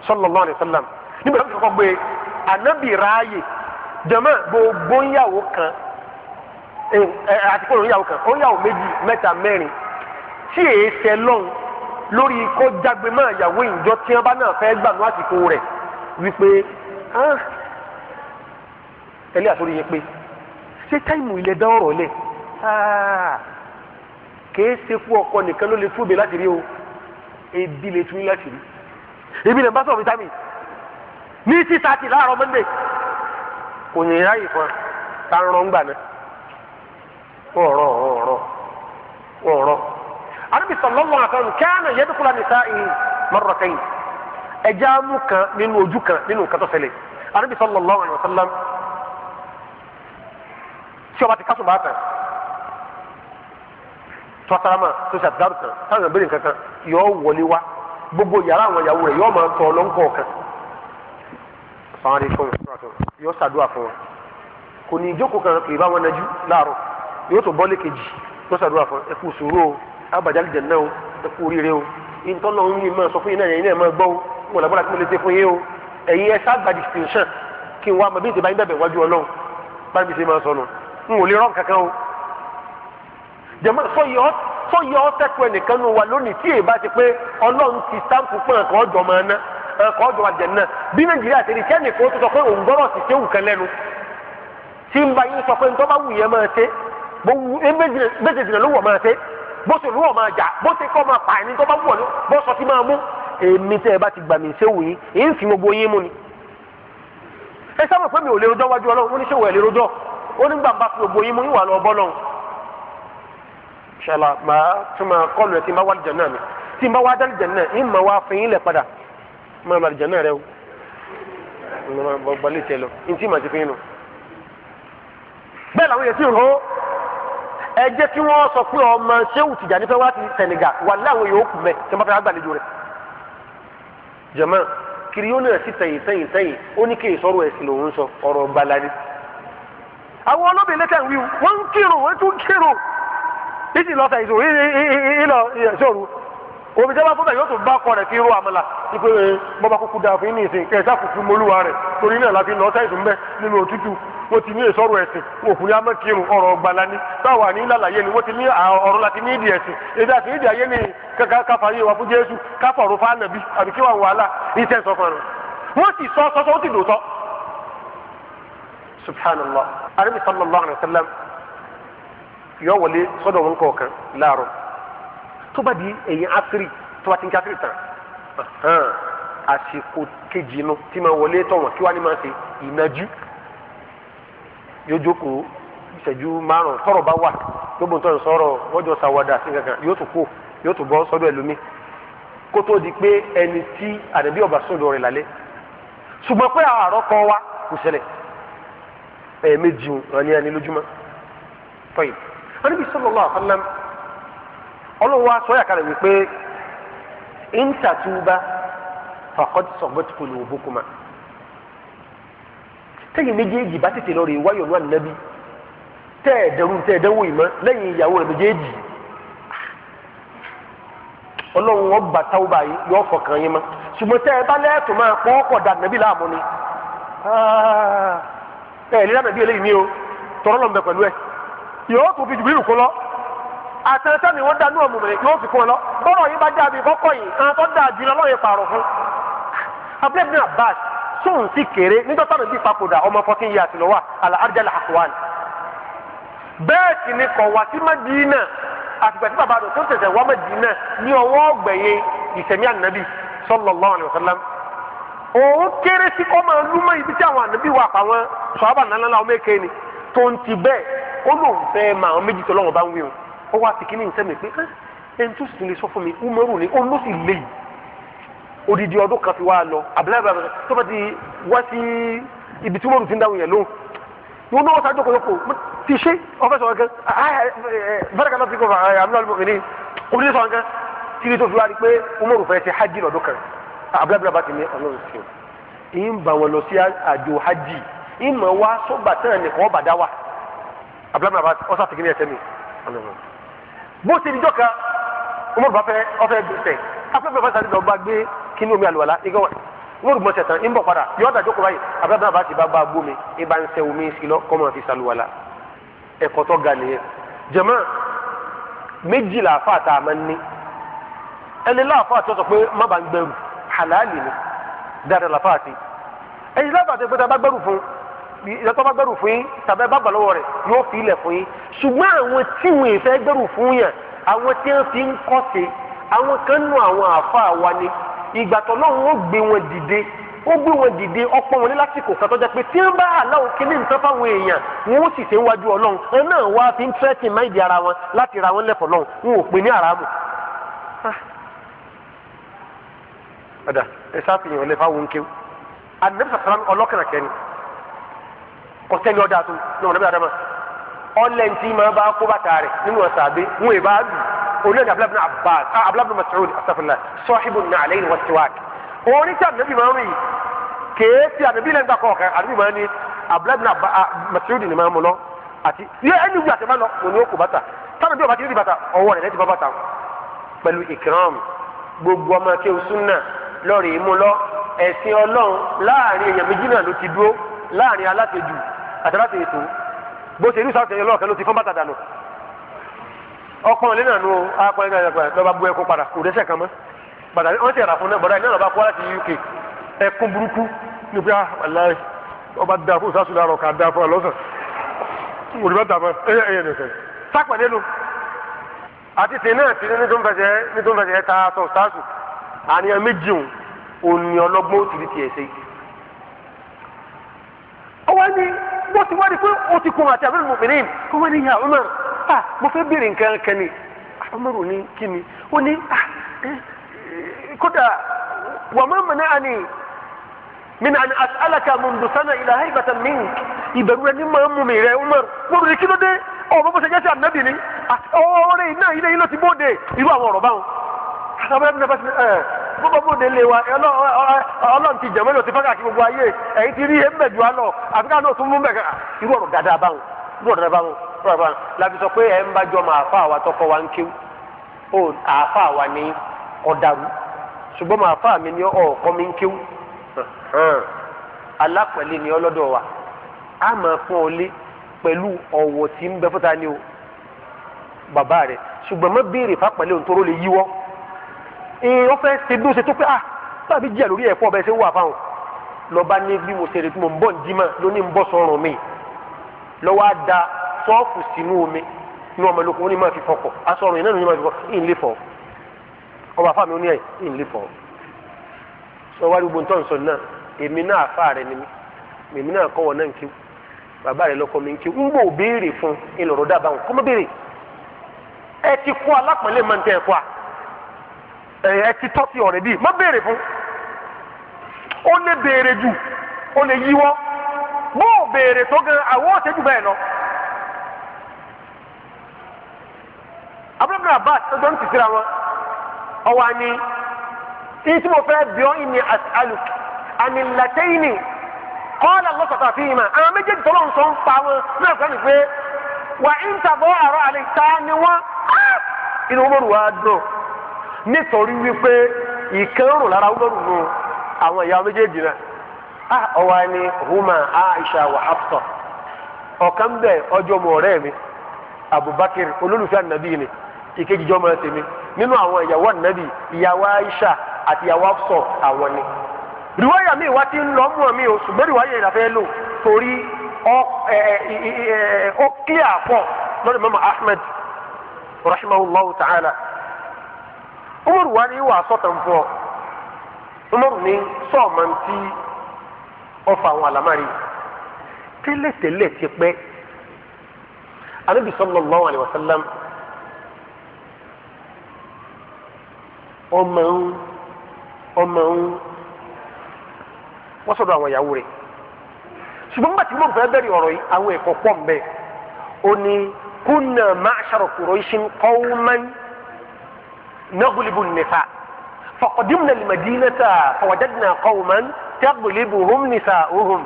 sọ́nà lọ́rùn sọ́nà nígbà tó kọ́kọ́ gbé e, ànábì ráàyè jẹ̀mọ́ gbogbo ń yàwó kan eh, eh, àti pé òun yàwó kan òun yàwó méjì mẹ́ta mẹ́rin tí èé ṣe lọ́n lórí kó jágbe mọ́ ìyàwó ìjọ tí wọ́n bá náà fẹ́ gbànú àsìkò rẹ̀ wípé ah, ẹlẹ́ àtúrò yẹn pé ṣé táìmù ilẹ̀ dá ọ̀rọ̀ lẹ̀ ah, kìí ṣe fún ọkọ nìkan ló lè túbe láti rí o ebi lè tún láti rí ebi lè bá sọ̀rọ̀ vitamin ní sísá ti láàárọ̀ mọ́ndé kò ní ráyè kan tá ń rán gbà náà wọ́n rán wọ́n rán wọ́n rán. Ànábì sallallahu alaihi wasallam kana yadkhulu nisa'i marratayn ẹ̀jẹ̀ amú kan nínú ojú kan nínú nǹkan tó ṣẹlẹ̀ Ànábì sallallahu alaihi wasallam tí ọba ti kásùn bá tán tọ́sáramà tó ṣe àtìdárò kan táwọn ìbéèrè kankan yọ wọlé wá gbogbo yàrá àwọn ìyàwó rẹ̀ yọ máa ń tọ́ ọ lọ́nkọ̀ọ̀kan. Assalamu alaikum yóò ṣàdúrà fún wọn kò ní ìjókòó kan kì í bá wọn najú láàárọ̀ yóò tó bọ́lé kejì yóò ṣàdúrà fún ẹ kú sùúrù o abàjálì jẹ̀ náà o ẹ kú oríire o ìtọ́nà ń yín máa sọ fún yín náà yẹn náà máa gbọ́ o wọn làbọ́lá tí mo lè ṣe fún yín o ẹ̀yin ẹ sábà distinction kí n wá mọ bí ìtẹ̀bá yín bẹ̀bẹ̀ wájú ọlọ́run bá mi ṣe máa kọ́ jọ àjẹnà bí nàìjíríà ti rí kẹ́ni kó tó sọ pé òun gbọ́dọ̀ sì séwù kan lẹ́nu tí ń bá yín sọ pé ń tọ́ bá wù yẹn máa ṣe bó wù é méje dìnnà ló wọ̀ máa ṣe bó sì lù wọ̀ máa jà bó ti kọ́ máa pààyàn tó bá wù ọ́ bó sọ ti máa mú èmi tẹ́ ẹ bá ti gbà mí séwù yín èyí ń fi gbogbo yín mú ni. ẹ sábà pé mi ò lè rojọ́ wájú ọlọ́run oníṣòwò ẹ̀ lè rojọ́ ó ní máa lọ àlìjáná rẹ o gbalẹ̀ tẹ lọ ntí màá ti fi nù. bẹ́ẹ̀ làwọn yẹn ti rò ó ẹ jẹ́ kí wọ́n sọ pé ọmọ Ṣéwù Tìjàní fẹ́ wá ti Senegal wà láwọn yòó kù mẹ́ tí wọ́n fẹ́ gbàlejò rẹ̀. jẹ̀mọ́ kiriyó náà sì tẹ̀yìn tẹ̀yìn tẹ̀yìn ó ní kéè sọ̀rọ̀ ẹ̀sìn lòún sọ ọ̀rọ̀ gbala ni. àwọn olóbìnrin lẹ́tà ń wíwú wọ́n ń kírun wọ́n tún kírun ìsìn lọ́sà ìṣòro ìlọ ìṣòro omi sábà fúnbẹ yóò tún bá kọ rẹ fi rú àmàlà ipe eh, bọba kúkú dáa fún yín ní ìsìn kẹsà kúkú mọlúwa rẹ torí náà láti lọ sẹ́yìn tún bẹ nínú òtútù wọ́n ti ní ìsọ̀rọ̀ ẹ̀sìn wọ́n kò ní amẹ́kirun ọ̀rọ̀ ọgbàlá ni táwa ní lálàyé ni wọ́n ti ní ọ̀rọ̀ láti ní ìdí ẹ̀sìn èdè àti ìdí ayé ni kàkà káfàyè wà fún Jésù káfọ̀rọ̀ fánàbí àbí kí wà wàhálà iṣẹ́ sọfọ̀rọ̀ wọ́n sì sọ sọ́sọ́ ó sì dòótọ́. subhanallah arabi sallallahu alayhi wa sallam yọ wọlé sọ́dọ̀ wọn kọ̀ọ̀kan láàárọ̀ tó bá di ẹ̀yìn asiri tó bá ti ń kí asiri tán àsìkò kejì nu tí máa wọlé tọ̀ wọ́n kí wàá ní máa ṣe ìnájú yóò jókòó ìṣẹ́jú márùn tọrọ bá wà gbogbo tó ń sọ̀rọ̀ wọ́n jọ ṣàwàdà sí kankan yóò tún kó yóò tún bọ́ sọ́dọ̀ ẹlòmíì kó tó di pé ẹni tí àdàbí ọba sọ̀dọ̀ rẹ̀ lálẹ́ ṣùgbọ́n pé àwọn àrọ́ kan wá kò ṣẹlẹ̀ ẹ̀ẹ̀mejì wọn ni ẹni lójúmọ́ tọ́yì wọn níbi sallallahu alaihi wasallam ọlọ́run wa sọ yàkàlẹ̀ wípé ìntàtúbà faqad sabat qulubukuma tẹ́yìn méjèèjì bá tètè lọ rè wáyọ̀ ní ànábì tẹ́ ẹ̀ dẹrù tẹ́ ẹ̀ dẹ́wò ìmọ̀ lẹ́yìn ìyàwó rẹ̀ méjèèjì ọlọ́run wọn bá yọ fọkàn yín mọ́ ṣùgbọ́n tẹ́ ẹ bá lẹ́ẹ̀tọ́ máa ọkọ̀ dà láàmú ni ah, o tọ́rọ́ àtẹnusẹ́ mi wọ́n dá ní ọ̀mùmùrẹ̀ yóò fi fún ọ lọ bọ́rọ̀ yín bá dá mi kọ́kọ́ yìí àwọn tó dáa jù lọ lọ́yẹ̀ pààrọ̀ fún. abúlé bin abbas sóun sì kéré níjọ́ táwọn ibi papòdà ọmọ fourteen years lọ wà àlà arjala akwani. bẹ́ẹ̀ sì ni kọ̀ wá sí madina àtìgbà tí bàbá rẹ̀ tó tẹ̀sẹ̀ wá madina ní ọwọ́ ọgbẹ̀yẹ ìsẹ̀mí ànábì sallallahu alaihi wasallam. òun kéré sí kọ́ máa lúmọ ibi tí àwọn ànábì wà pa wọn sọ ó wá ti kíní nsẹ́mi pé ah, ẹni tó sì lè sọ fún mi umaru ni ó ló sì lè yìí odidi ọdún kan fi wá lọ abdullahi bàbá tó bá ti wá sí ibi tí umaru ti ń dáhùn yẹn lóhùn wọn náà wọ́n sá jókòó yọkọ̀ ti ṣe ọ̀fẹ́ sọ̀rọ̀ kan bẹ́ẹ̀ kan náà ti kọ́ àmì náà lómi ní obìnrin sọ̀rọ̀ kan tí ní tó fi wá rí pé umaru fẹ́ ṣe hajj lọ́dún kan ah, abdullahi bàbá ti ní ọlọ́run sí o ń bá wọn lọ sí àjò hajj ń mọ̀ wá sọ́gbà tán ni kọ́ bàdá wa abdullahi ọ̀sà ti kí ni ẹ̀sẹ̀ bó ti di jọ́ka umaru bá fẹ́ ọfẹ́ gbèsè afẹ́fẹ́ fẹ́ sáré lọ́ba gbé kíní omi àlùwàlá igi wọn umaru gbọ́n sẹ̀tàn ń bọ̀ padà yọ̀ọ́ dàjọ́ kó báyìí abẹ́rẹ́ náà bá ti bá bá gbómi ibà ń sẹ omi sí lọ kọ́mọ fi sàlùwàlá ẹ̀kọ́ tó ga nìyẹn jẹ̀mọ́ méjìlá àfa àtà àmà ní ẹni láàfà àti ọ̀sọ̀ pé má bàa ń gbẹrù halali ni dáadáa làfà àti ẹni láàfà ìyá tó bá gbẹrù fún yín tàbí ẹ bá gbà lọ́wọ́ rẹ̀ yóò fi ilẹ̀ fún yín ṣùgbọ́n àwọn tí wọn ìfẹ́ gbẹrù fún yàn àwọn tí wọn fi ń kọ́ sí àwọn kan nù àwọn àfa wa ni ìgbà tó lọ́hùn ó gbé wọn dìde ó gbé wọn dìde ọ̀pọ̀ wọn ní lásìkò kan tó jẹ́ pé tí ń bá aláwo kíní nǹkan fáwọn èèyàn wọn ó sì ṣe wájú ọlọ́run ẹ náà wá fi ń tẹ́tì máìdì ara wọn láti ra wọn lẹ́fọ̀ọ́ lọ́hùn wọn ò pè ní àràmù padà ah. ẹ sáfìyàn kọsẹni ọdà tó ní ọdà dama ọlẹ ntí ma bá kó bàtà rẹ nínú ọsàbẹ wọn ì bá dùn olóyè abúlé abúlé abbas ah abúlé abúlé masoud asafurla sọhibu nà alẹ́ yìí wọ́n ti wá kí wọn ní tí anabi máa ń rìn kéésì anabi lẹ́nu gbàkọ̀ ọ̀kẹ́ anabi máa ń ní abúlé abúlé ah, masoud ni máa mú lọ àti yẹ ẹni wúlò àti máa lọ òní ó kó bàtà táwọn bí ọba ti rí bàtà ọwọ́ rẹ̀ lẹ́ti bá bàtà pẹ̀lú ìkìrán gbogbo ọmọ akéwù súnà lọ́ọ̀rì ìmúlọ ẹ̀sìn ọlọ́run láàrin èèyàn méjì ló ti dúró láàrin alátẹ̀jù àtàlátì ètò bó ṣe irú sáfẹ́ lọ́ọ̀kẹ́ ló ti fọ́n bàtà dànù ọpọ́n lẹ́nà nu akọrin náà yàgbà lọ́ba bu ẹkún padà kò dẹ́sẹ̀ kan mọ́ bàtà wọ́n ti rà fún náà bọ́dà iná lọ́ba kọ́ láti UK ẹkún burúkú ní bí aláì ọba da fún sásù lárọ̀ ká da fún ọlọ́sàn òrùbá dà mọ́ ẹyẹ ẹyẹ nìkan sápẹ̀ nínú àti tì náà ti ní nítorí ta sọ sásù àníyàn méjì òun òní ọlọ́gbọ́n tìrìtì ẹ̀ sẹ́yìn. ọwọ́ ni bó ti wá di pé o ti kun àti àbẹ̀rẹ̀ mọ̀mìnrin kó wọ́n ní ya Umar ah mo fẹ́ béèrè nǹkan kan ni Umar ò ní kí ni ó ní ah kódà wà má mọ̀nà àní min an as'alaka mundu sana ila haibatan mink ìbẹ̀rù ẹni máa ń mú mi rẹ Umar mo rò ní kí ló dé ọ̀ bó bó ṣe sí ànábì ni ọ̀rẹ́ náà ilé yìí ló ti bóde irú àwọn ọ̀rọ̀ báwọn àtàwọn ẹbí náà bá ti ẹ gbogbo bóde lè wa ọlọ́run ti jẹ̀mọ́ lọ ti fẹ́ káàkiri gbogbo ayé ẹ̀yìn ti rí ẹ̀mẹ̀ ju alọ àfikà náà tún mú mẹ̀ ká irú ọ̀rọ̀ dáadáa báwọn irú ọ̀rọ̀ dáadáa báwọn irú ọ̀rọ̀ báwọn láti sọ pé ẹ̀ ń bá jọ máa fa àwa tọkọ wa ń kéwú ó àfa àwa ní ọ̀dàrú ṣùgbọ́n máa fa mi ní ọ̀ọ̀kọ́ mi ń kéwú alápẹ̀lẹ̀ ni ọlọ́dọ̀ wa á máa fún ọ lé pẹ̀lú ọ̀wọ̀ tí ń bẹ fúta ní o bàbá rẹ̀ ṣùgbọ́n má béèrè fápẹ̀lẹ̀ òǹtọ́rọ́ lè yíwọ́ Eh, ó fẹ́ ṣe bí ó ṣe tó pé ah tàbí jìyà lórí ẹ̀fọ́ ọbẹ̀ ṣe wà fáwọn lọ́ba ní bí mo ṣe rè tí mo ń bọ̀ ní jimá lóní ń bọ̀ sọ̀rùn mi lọ́wọ́ á da sọ́ọ̀fù sínú omi ní ọmọ ìlú kò ní máa fi fọkọ̀ asọ̀rùn yìí náà ní máa fi fọkọ̀ ìyìn lè fọ́ ọba afá mi ó ní ẹ̀ ìyìn lè fọ́ sọ wá gbogbo nǹkan sọ náà èmi náà afá rẹ ni mí èmi náà kọ́ wọ náà nkí bàbá rẹ lọ́kọ́ mi nkí ń bò béèrè fún ìlọ̀rọ̀ dábàá wọn kọ́mọ́ béèrè ẹ ti kọ́ alápọ̀nlé máa ń ẹ̀yẹ ti tọ́ sí ọ̀rẹ́ bíi má béèrè fún ó lè béèrè jù ó lè yíwọ́ bó o béèrè tó gan àwọn ọ̀sẹ̀ jù bẹ́ẹ̀ lọ. abúlé abbas tó ń tìsíra wọn ọwọ́ àní tí mo fẹ́ bí ọ́ ìní àlù àní làtẹ́yìnì kọ́ọ̀lá lọ́sọ̀tà fi ìmọ̀ àwọn méjèèjì tó lọ́n sọ ń pa wọn náà fẹ́ mi pé wà ń tàbọ̀ àrọ́ àlè ta ni wọ́n ah! inú wọn wà á dùn. nítorí wípé ìkẹrùn lára wúlọ́rù nù àwọn ìyá méjèèjì náà a ah, ọwọ́ ni huma aisha wa hafsa ọ̀kan bẹ́ẹ̀ mi abubakar olulufe annabi ni ìkejì jọ́ máa tèmi nínú àwọn ìyàwó ànábì ìyàwó aisha àti ìyàwó hafsa àwọn ni. rìwáyà mi wá ti ń lọ mú mi o ṣùgbọ́n rìwáyà ìlàfẹ́ lò torí ó kílíà pọ̀ lọ́dọ̀ mọ́mọ́ ahmed rahimahullahu ta'ala. umaru wa ni wà sọtànfọ umaru ni sọọmantì ọfà àwọn àlámárì tẹ́lẹ̀tẹ́lẹ̀ ti pẹ́ anabi sallallahu alayhi wa ọmọ ń ọmọ ń wọ́n sọ̀dọ̀ àwọn ìyàwó rẹ̀ ṣùgbọ́n bàtí mo fẹ́ bẹ̀rẹ̀ ọ̀rọ̀ yìí àwọn ẹ̀kọ́ pọ̀ ń ó ní نغلب النساء فقدمنا المدينة فوجدنا قوما تغلبهم نساؤهم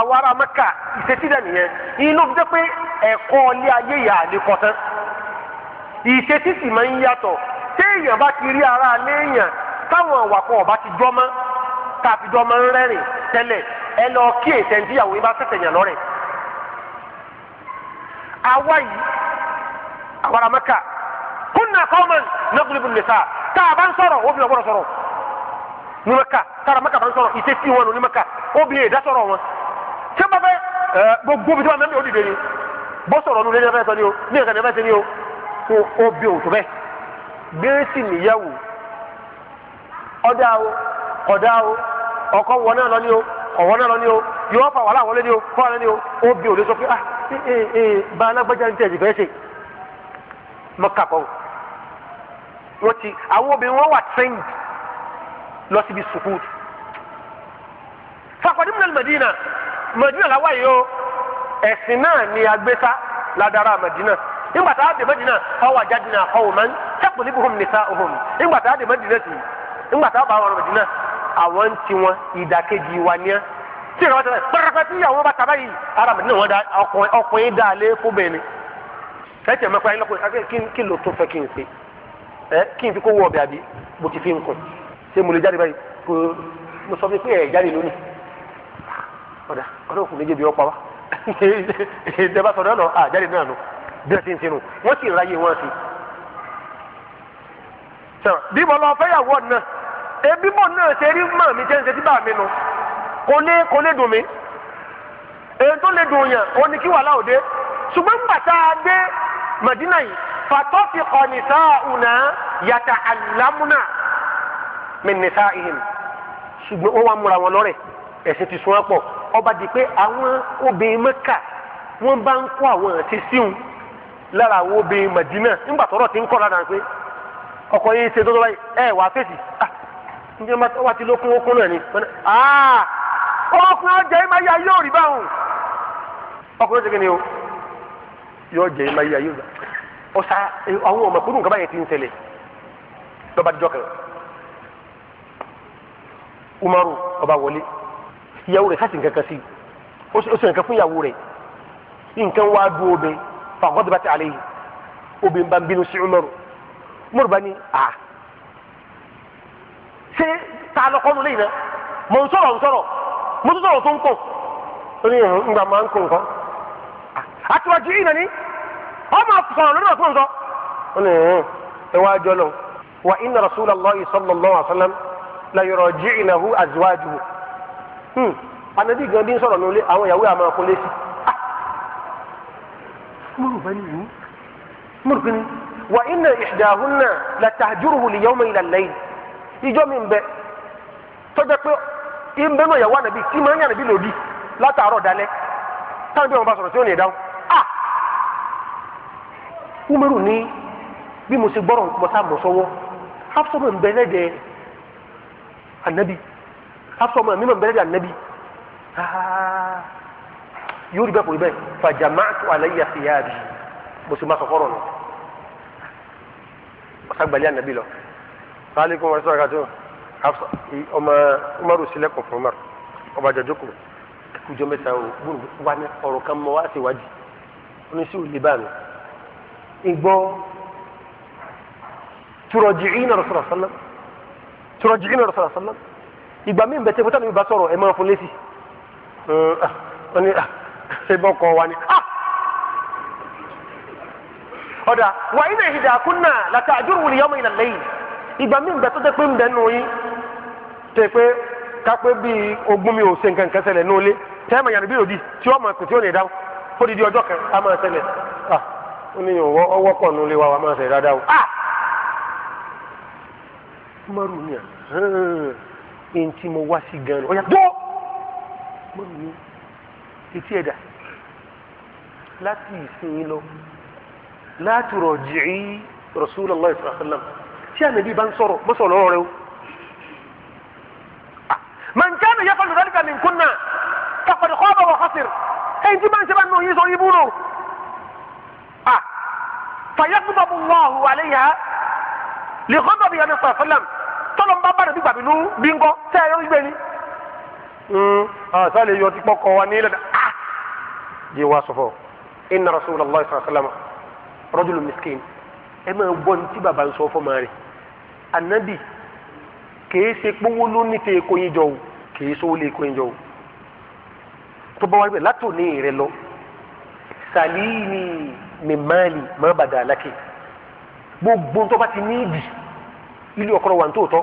àwọn ará mẹ́kà ìṣesídẹ̀ nìyẹn inú fi jẹ́ pé ẹ̀kọ́ ilé ayé yà lè kọ́ tán ìṣesí sì máa ń yàtọ̀ téèyàn bá ti rí ara léèyàn táwọn àwàkọ̀ ọ̀bá ti jọ́ tàbí jọ́ mọ́ ń ẹ lọ kí èsẹ̀ ń ibà tẹ̀sẹ̀ yàn lọ́rẹ̀. àwa yìí àwọn ará kunna qauman naglubu nisa tá bá ń sọ̀rọ̀ ó bi na gbọ́dọ̀ sọ̀rọ̀ ní maka tara maka bá ń sọ̀rọ̀ ite ti wọn ní maka ó bi da sọ̀rọ̀ wọn ṣé bá fẹ́ gbogbo bi tí wọn mẹ́rin ó dìde ni bọ́ sọ̀rọ̀ nu lẹ́yìn ẹ̀fẹ́ sọ ni o ní ẹ̀ka ní ẹ̀fẹ́ sọ ni o tó ó bi òtò bẹ́ẹ̀ gbèsè níyàwó ọ̀dà o ọ̀dà o ọkọ wọn náà lọ ni o ọ̀wọ́ náà lọ ni o yóò fa wàhálà wọlé ni o fọwọ́lẹ́ ni o ó bi òde sọ pé ah ee ee bá alágbájá ní tẹ̀sí fẹ́ ṣe mọ́kà kọ́ o wọ́n ti àwọn obìnrin wọn wà trained lọ síbi sukuu fakọdimu náà Madina Madina la wáyé o ẹ̀sìn náà ni agbésá ladara Madina nígbà tá a dé Madina fáwọn àjájìnà àkọwò man sẹ́kùn níbi hom nìsa hom nígbà tá a dé Madina sí nígbà tá a bá wọn Madina àwọn ti wọn ìdàkejì wa ní ẹ tí ìrọ̀lẹ́ tẹ̀lé pẹ́rẹ́pẹ́ tí ìyàwó bá taba yìí ara Madina wọn ọkùnrin dá lé fún bẹ́ẹ̀ ni ẹ̀ tẹ̀ mẹ́kọ́ ayélujára kí ló tó fẹ́ kí n ṣe ẹ kí n fi kó wọ ọbẹ àbí mo ti fi ń kùn ṣé mo lè jáde báyìí kò mo sọ fún mi pé ẹ jáde lónìí ọ̀dà ọ̀dọ̀ òkú méjèèjì ọ̀pá wa ìjọba sọ̀rọ̀ ọ̀nà àjáde náà nù bí wọ́n ti ń sinú wọ́n sì ráyè wọn sí. bí mo lọ fẹ́ yàwó náà ebi mọ̀ náà ṣe rí mọ̀ mi jẹ́ ń ṣe tí bá mi nu kò lè kò lè dùn mí èyí tó lè dùn yàn òun ni kí wàhálà òde ṣùgbọ́n gbàtà dé Màdínà yìí فطفق نساؤنا يتعلمنا من نسائهم ṣùgbọ́n wọ́n wá múra wọn lọ́rẹ̀ ẹ̀sìn ti sunwọ́n pọ̀ ọba di pé àwọn obìnrin mẹ́kà wọ́n bá ń kọ́ àwọn ẹ̀sìn síhun lára àwọn obìnrin nígbà tọ́rọ̀ ti ń kọ́ lára pé ọkọ yìí ṣe tọ́tọ́ báyìí ẹ̀ wá fèsì ah, ǹjẹ́ ti lókun okun náà ni ah, ọkùnrin ọjà yìí máa ọ̀sà àwọn ọmọ kúrú nǹkan báyẹn ti ń ṣẹlẹ̀ lọ́ba dijọ́ kan umaru ọba wọlé ìyàwó rẹ̀ sásì nǹkan kan sí ó sì nǹkan fún ìyàwó rẹ̀ nǹkan wá dúró obìnrin fàgọ́dọ̀ bá ti àlẹ́ yìí obìnrin bá ń bínú sí umaru umaru bá ní à ṣé ta lọ́kọ́ nulẹ̀ yìí náà mọ̀ ń sọ̀rọ̀ ń sọ̀rọ̀ mo tún sọ̀rọ̀ tó ń kọ̀ ó ní ìgbà máa ń kọ̀ nǹkan àtiwájú yìí náà ní ọmọ sọ̀rọ̀ lórí ọ̀tún sọ. ó ní ẹ wá jọ lọ wa inna rasulallahi sallallahu alaihi wasallam la yurji'uhu azwajuhu. anabi gan bí ń sọ̀rọ̀ lórí àwọn ìyàwó àmọ́ ọkùnrin lé sí. Ah! múrù bá ní yìí múrù bí ní. wa inna ihdahunna la tahjuruhu li yawmin ila al-layl ìjọ mi ń bẹ tọ́jà pé ìbẹ́nu ìyàwó ànàbí kí máa ń yànnàbí lòdì látàárọ̀ dalẹ́ táwọn bí wọn bá sọ̀rọ̀ tí ó ní ìdáhùn umaru ní bí mo ṣe gbọ́rọ̀ mọ́tà mọ́ sọ́wọ́ hafsa mọ̀ nbẹ́lẹ́ dẹ anabi hafsa mọ̀ mi mọ̀ nbẹ́lẹ́ dẹ anabi yóò rí bẹ́ẹ̀ kò rí bẹ́ẹ̀ fàjàmáàtú aláyà sí yáàbí mo sì máa sọ kọ́rọ̀ nù mọ́tà gbalẹ́ anabi lọ sálẹ̀ kó wọn sọ àgàtọ́ hafsa ọmọ umaru sílẹ̀kùn fún umaru ọba jọjọkùn kújọ mẹ́ta o wà ní kan mọ́ wá síwájú oníṣẹ́ òlìbá mi igbó turọ̀jìcìnà rasulà sallam turọ̀jìcìnà rasulà sallam ìgbà mi bẹ̀tẹ̀ fúta ni mi bá sọ̀rọ̀ ẹ̀ máa fún lẹ́sì ọ ni ṣe bọ́ kọ́ wa ni ọ̀dà wà ní ìhìdà kúnnà láti àjúrò wùlì yọmọ ìlà lẹ́yìn ìgbà mi bẹ̀ tó tẹ́ pé ń bẹ̀ nù yín tẹ́ pé kápẹ́ bíi ogún mi ò ṣe nǹkan kẹsẹ̀ nù lé tẹ́ẹ̀mà yàrá bí òdi tí ó mọ̀ pé tí ó lè dáhùn fódìdí ọjọ́ kan á máa ṣẹlẹ̀ ah ó ní ìwọ ọwọ́ pọ̀ nù lé wa wa máa ṣe dáadáa o a ah! mọ́rù ni à ẹni tí mo wá sí gan-an ọ̀yà tó mọ́rù ni etí ẹ̀dá láti ìsinyìí lọ láti rọ̀jì Rasulullah sallallahu alaihi wasallam tí ànábì bá ń sọ̀rọ̀ mọ́sọ̀rọ̀ lọ́rọ̀ rẹ o ah! man kana yafal dhalika min kunna faqad khaba wa khasir ẹni tí bá ń ṣe bá nù yín sọ yín bú fàyàgbọ́ mu wọn ọ̀hún wàlẹ́ yá lè kọ́ bàbí yẹn ní sọ̀rọ̀ fẹ́lẹ̀ tọ́lọ́ bá bàrẹ̀ bí gbàgbé ló bí ń kọ́ tẹ́ ẹ yọ gbé ni. sọ́ọ̀lì hmm, yọ ti pọ̀ kọ́ wa ní ilẹ̀ náà. Ah! jẹ́ wa sọ̀fọ̀ inna rasulallah sallallahu alaihi wasallam rajul miskin ẹ máa gbọ́ ní tí bàbá ń sọ fọ́ máa rẹ̀ anabi kìí ṣe pọ́wọ́ ló ní tẹ́ ẹ̀kọ́ yín o kìí ṣe owó lè ẹ̀kọ́ yín jọ o tó bá wá rí bẹ́ẹ̀ látòní rẹ lọ salini mi maali ma bàdà lákè gbogbo tó bá ti ní ìdì ilé ọkọ̀rọ̀ wà ní tòótọ́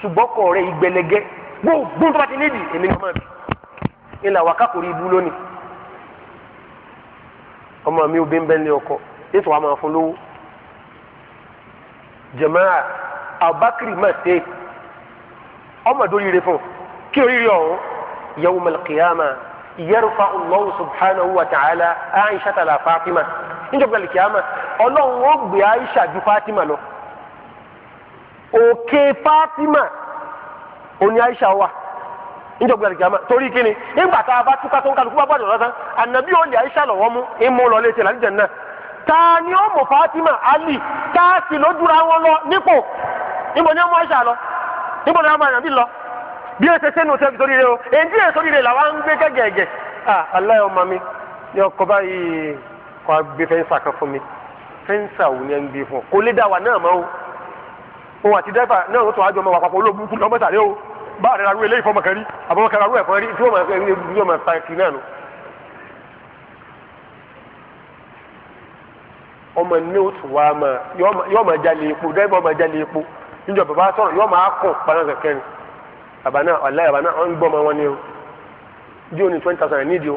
ṣùgbọ́n kọ̀ rẹ̀ ìgbẹ̀lẹ̀gẹ́ gbogbo tó bá ti ní ìdì èmi ni ọmọ mi ìlà wà kákòrí ibú lónìí ọmọ mi ò ń bẹ́ẹ̀ ní ọkọ̀ ètò wa máa fún lówó jẹ̀máà abakiri máa ṣe ọmọdé oríire fún kí oríire ọ̀hún yawmal qiyamah. yẹrùfà Allah subhanahu wa ta'ala aisha tala fatima níjọba alikiyama ọlọ́run ó gbé aisha ju fatima lọ òkè fatima òní aisha a bá túká tó ń kálukú bá bá dọ̀rọ̀ tán ànàbí òní fatima a sì lójúra lọ lọ bí ẹ ṣe ṣe nù sẹ́bi sórí rẹ o èyí ẹ sórí rẹ làwọn ń gbé gẹ́gẹ́gẹ́ ah aláyọ̀ ọmọ mi ní ọkọ báyìí kọ́ gbé fẹ́ǹsà kan fún mi fẹ́ǹsà òun ni ẹ ń gbé fún ọ kò lè dá wa náà mọ́ o òun àti dẹ́fà náà ó tún àjọ ọmọ wa papọ̀ olóògùn kú lọ́mọ́tà rẹ o bá a rẹ ra rú eléyìí fọmọ rí àbọ̀mọ ra rú ẹ̀fọn rí tí wọ́n máa ta kiri náà nù. ọmọ ní o máa yọ ọmọ jalè epo dẹ́gbẹ́ ọmọ jalè epo níjọba bá sọ̀rọ̀ yọ ọmọ akọ̀ paná kẹkẹrin bàbá náà ọ̀la bàbá náà wọ́n ń gbọ́ ọmọ wọn ni o díò ní twenty thousand nídìí o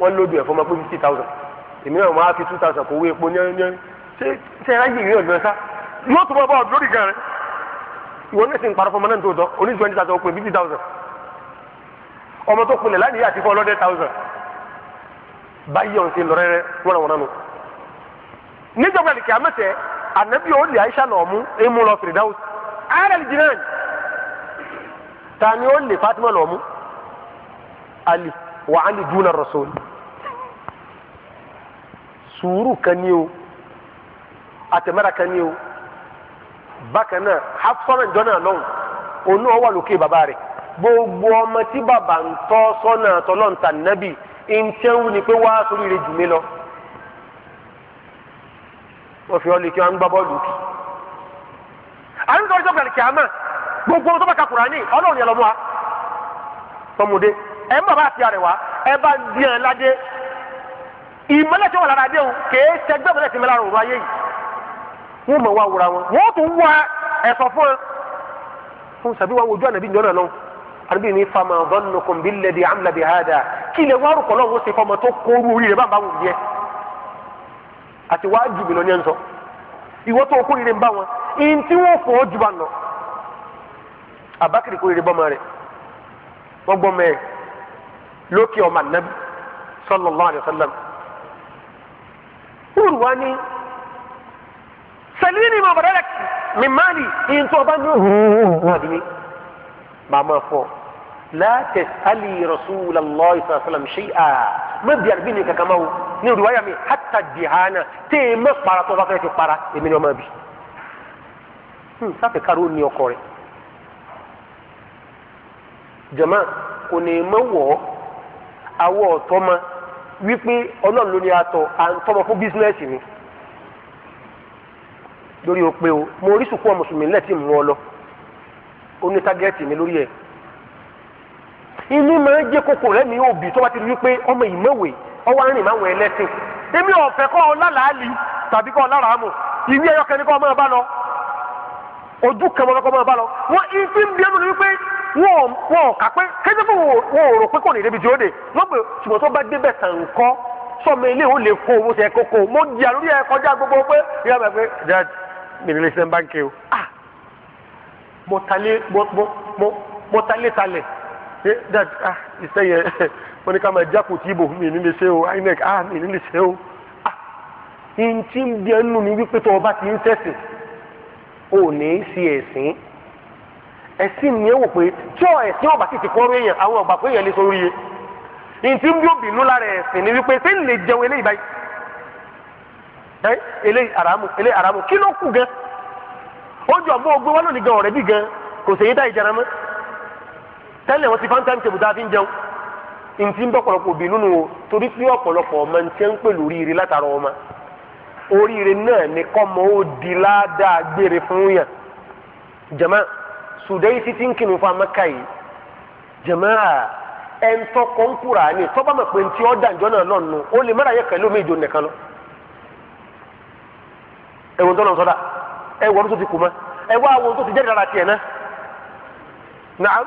wọ́n lódù ẹ̀ fọmọ pé fifty thousand èmi náà máa fi two thousand kò wé epo ní ẹ̀ ṣe ṣe ẹ̀ rájì ìrìn ọ̀gbìn sá yóò tó bá bá ọ̀dọ́ lórí gan rẹ̀ ìwọ ní sìn parọ́ fọmọ náà tó tọ́ oní twenty thousand ó pè fifty thousand ọmọ tó kulẹ̀ láti yà ti fọ́ ọlọ́dẹ thousand báyìí ọ̀hún ti lọ rẹ́rẹ́ wọ́nàwọ́nà nù níjọba ìkẹ́ àmẹ́tẹ̀ ànábì ó lè àyíṣà náà mú èmu lọ fìrìdáwùsì ààrẹ lè ta ni ó lè Fatima lọ mú ali wa ali duna rasul sùúrù kan ni o atẹmẹra kan ni o bákan náà hafsana jọna lọhùn onú ọwọ lókè bàbá rẹ̀ gbogbo ọmọ tí bàbá ń tọ́ sọ́nà tọlọǹtà nábì ni pé wàá sórí rẹ̀ jù mí lọ wọ́n fi ọ́ lè kí wọ́n á ń gbá bọ́ọ̀lù kì. gbogbo tó bá ka Kùránì Ọlọ́run yẹn lọ wa tọmọdé ẹ ń bàbá àti àrẹwà ẹ bá ń di ẹ ládé lára adé o kèé sẹgbẹ́ mọ́lẹ̀ tí òru ayé yìí wọ́n mọ̀ wa wojú ànàbí lọ ní fama dhannukum billadhi amla bihada kí ilẹ̀ wàá rúkọ̀ lọ́wọ́ sí fọmọ tó kóoru orí rẹ̀ bá wù díẹ̀ àti wàá jù mí lọ ní ẹ̀ ń wọn tí wọ́n fọ́ abakiri kórìí bọ́mọ rẹ̀ wọ́n gbọ́mọ ẹ̀ lókè ọmọ anabi sallallahu alayhi wa sallam umaru wa ni salini ma bọ̀dọ̀ lẹ́kì mi máa ní iye tó o bá ní òhun àdìmí màmá fọ láti ali rasulallah sallallahu alayhi wa sallam ṣíà má bí àbí ní kankan máa wò ní ìrùwáyà mi hàtà dìhánà tẹ́ ẹ má tó o bá fẹ́ fi para èmi ni ọmọ bí sáfẹ̀ káró ni ọkọ jama kò ní mọ wọ awọ ọtọ ma wípé ọlọ́run ló ní atọ à ń tọrọ fún bísínẹ́sì mi lórí o pé o mo rí sùkúrọ̀ mùsùlùmí lẹ́tì mú ọ lọ ó ní tágẹ́ẹ̀tì mi lórí ẹ̀ inú máa ń jẹ́ kókó rẹ̀ mi ò tó bá ti rí pé ọmọ ìmọ̀wé ọwọ́ àárín máa ń wọ ẹlẹ́sìn èmi ọ̀fẹ́ kọ́ ọ lálàálì tàbí kọ́ ọ láràámù ìwé ẹyọkẹ́ni kọ́ ọ máa bá lọ ojú kan mọ́ ọkọ̀ máa bá lọ wọ́n ìfín bí ẹnu ni wípé wọn wọn kà pé kéde fún wọn ò rò pé kò ní débi tí ó dé wọn pè ṣùgbọ́n tó bá débẹ̀ tàn kọ́ sọmọ ilé ò lè kó owó tẹ kókó mo di àlórí ẹ kọjá gbogbo pé ìyá mi pé dad mi ní lẹsẹ̀ báńkì o ah mo talé mo mo mo talé talẹ̀ ṣe eh, dad ah iṣẹ́ yẹn mo ní ká máa jákò tí ibò mi ní lè ṣe o inec ah mi ní lè o ah n tí ń bí ẹnu mi wípé tó o bá ti ń sẹ̀sìn o ní í ṣe ẹ̀sìn. esi ni ẹ wò pé tíọ́ ẹ̀sìn si sì ti àwọn pé lè yẹ ntí bí obìnrin lára ni wípé ṣé lè jẹun eléyìí báyìí ẹ eléyìí eléyìí kí ló kù gan ojú ogbó wọn lónìí gan bí gan kò sèyí wọn ti fan time table a jẹun ntí ń bọ́pọ̀lọpọ̀ obìnrin o torí pé ọ̀pọ̀lọpọ̀ ọmọ ntí ń pè lóríire látara ọmọ oríire náà ni kọ́mọ ó di ládàá gbére Sudaisi ti ń kinu fa maka yìí jamaa ẹntọ kọnkura ni tọba ma pe nti ọda njọ náà lọnu o le mara yẹ kẹlẹ omi ìjọ e lọ ẹwọn tó lọ sọdá ẹwọn e tó ti kù mọ e e na àwọn tó ti jáde dára tiẹ náà naam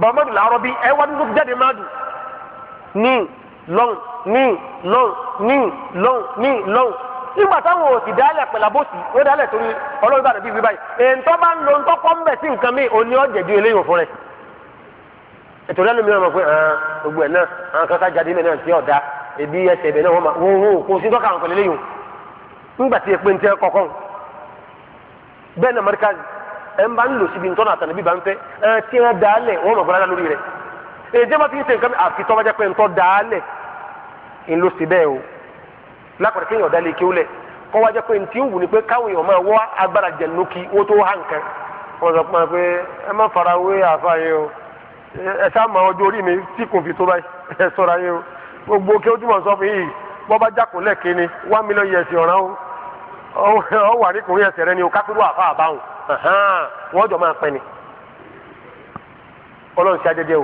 bàmọdù làárọ bí ẹwọn tó ti jáde máa dùn ni lọ́n ní lọ́n ní lọ́n ní nígbà táwọn ò sì dálẹ̀ pẹ̀lú abóòsì ó dálẹ̀ torí ọlọ́run bàdàn bíi bíbáyìí èntọ́ bá ń lo ntọ́ kọ́ mbẹ̀ sí nǹkan mi òní ọ̀jẹ̀dú eléyìí fún rẹ̀ ètò ìdáná mìíràn mọ̀ pé gbogbo ẹ̀ náà àwọn kan sájáde ilẹ̀ náà ti ọ̀dà ebi ẹsẹ̀ ibẹ̀ náà wọ́n máa wọ́n wọ́n kó sí tọ́ka àwọn pẹ̀lú eléyìí nígbà tí epe ń tẹ́ kọ̀ọ̀kan bẹ́ẹ̀ náà mọ́ríkà ẹ̀ ń bá ń lò síbi ntọ́nà àtàlẹ́ bíbá ń fẹ́ ẹ̀ tí wọ́n dálẹ̀ wọ́n mọ̀ gbọ́dá lórí rẹ̀ èdè lápẹ̀rẹ̀ kéèyàn ọ̀dà lè kí ó lẹ̀ kọ́ wá jẹ́ pé ntí wù ní pé káwọn èèyàn máa wọ́ agbára jẹ̀nu kí wọ́n tó hàn kan wọ́n sọ pé ẹ má fara wé yẹn o ẹ sá ma ọjọ́ orí mi tí kò fi tó báyìí ẹ sọ̀rọ̀ yẹn o gbogbo kí sọ fún yìí bọ́ bá one million years ọ̀ràn o ọ wà ẹsẹ̀ rẹ ni o kápẹ́rù àfa wọ́n jọ máa pẹ́ ni ọlọ́run ṣe ajẹ́jẹ́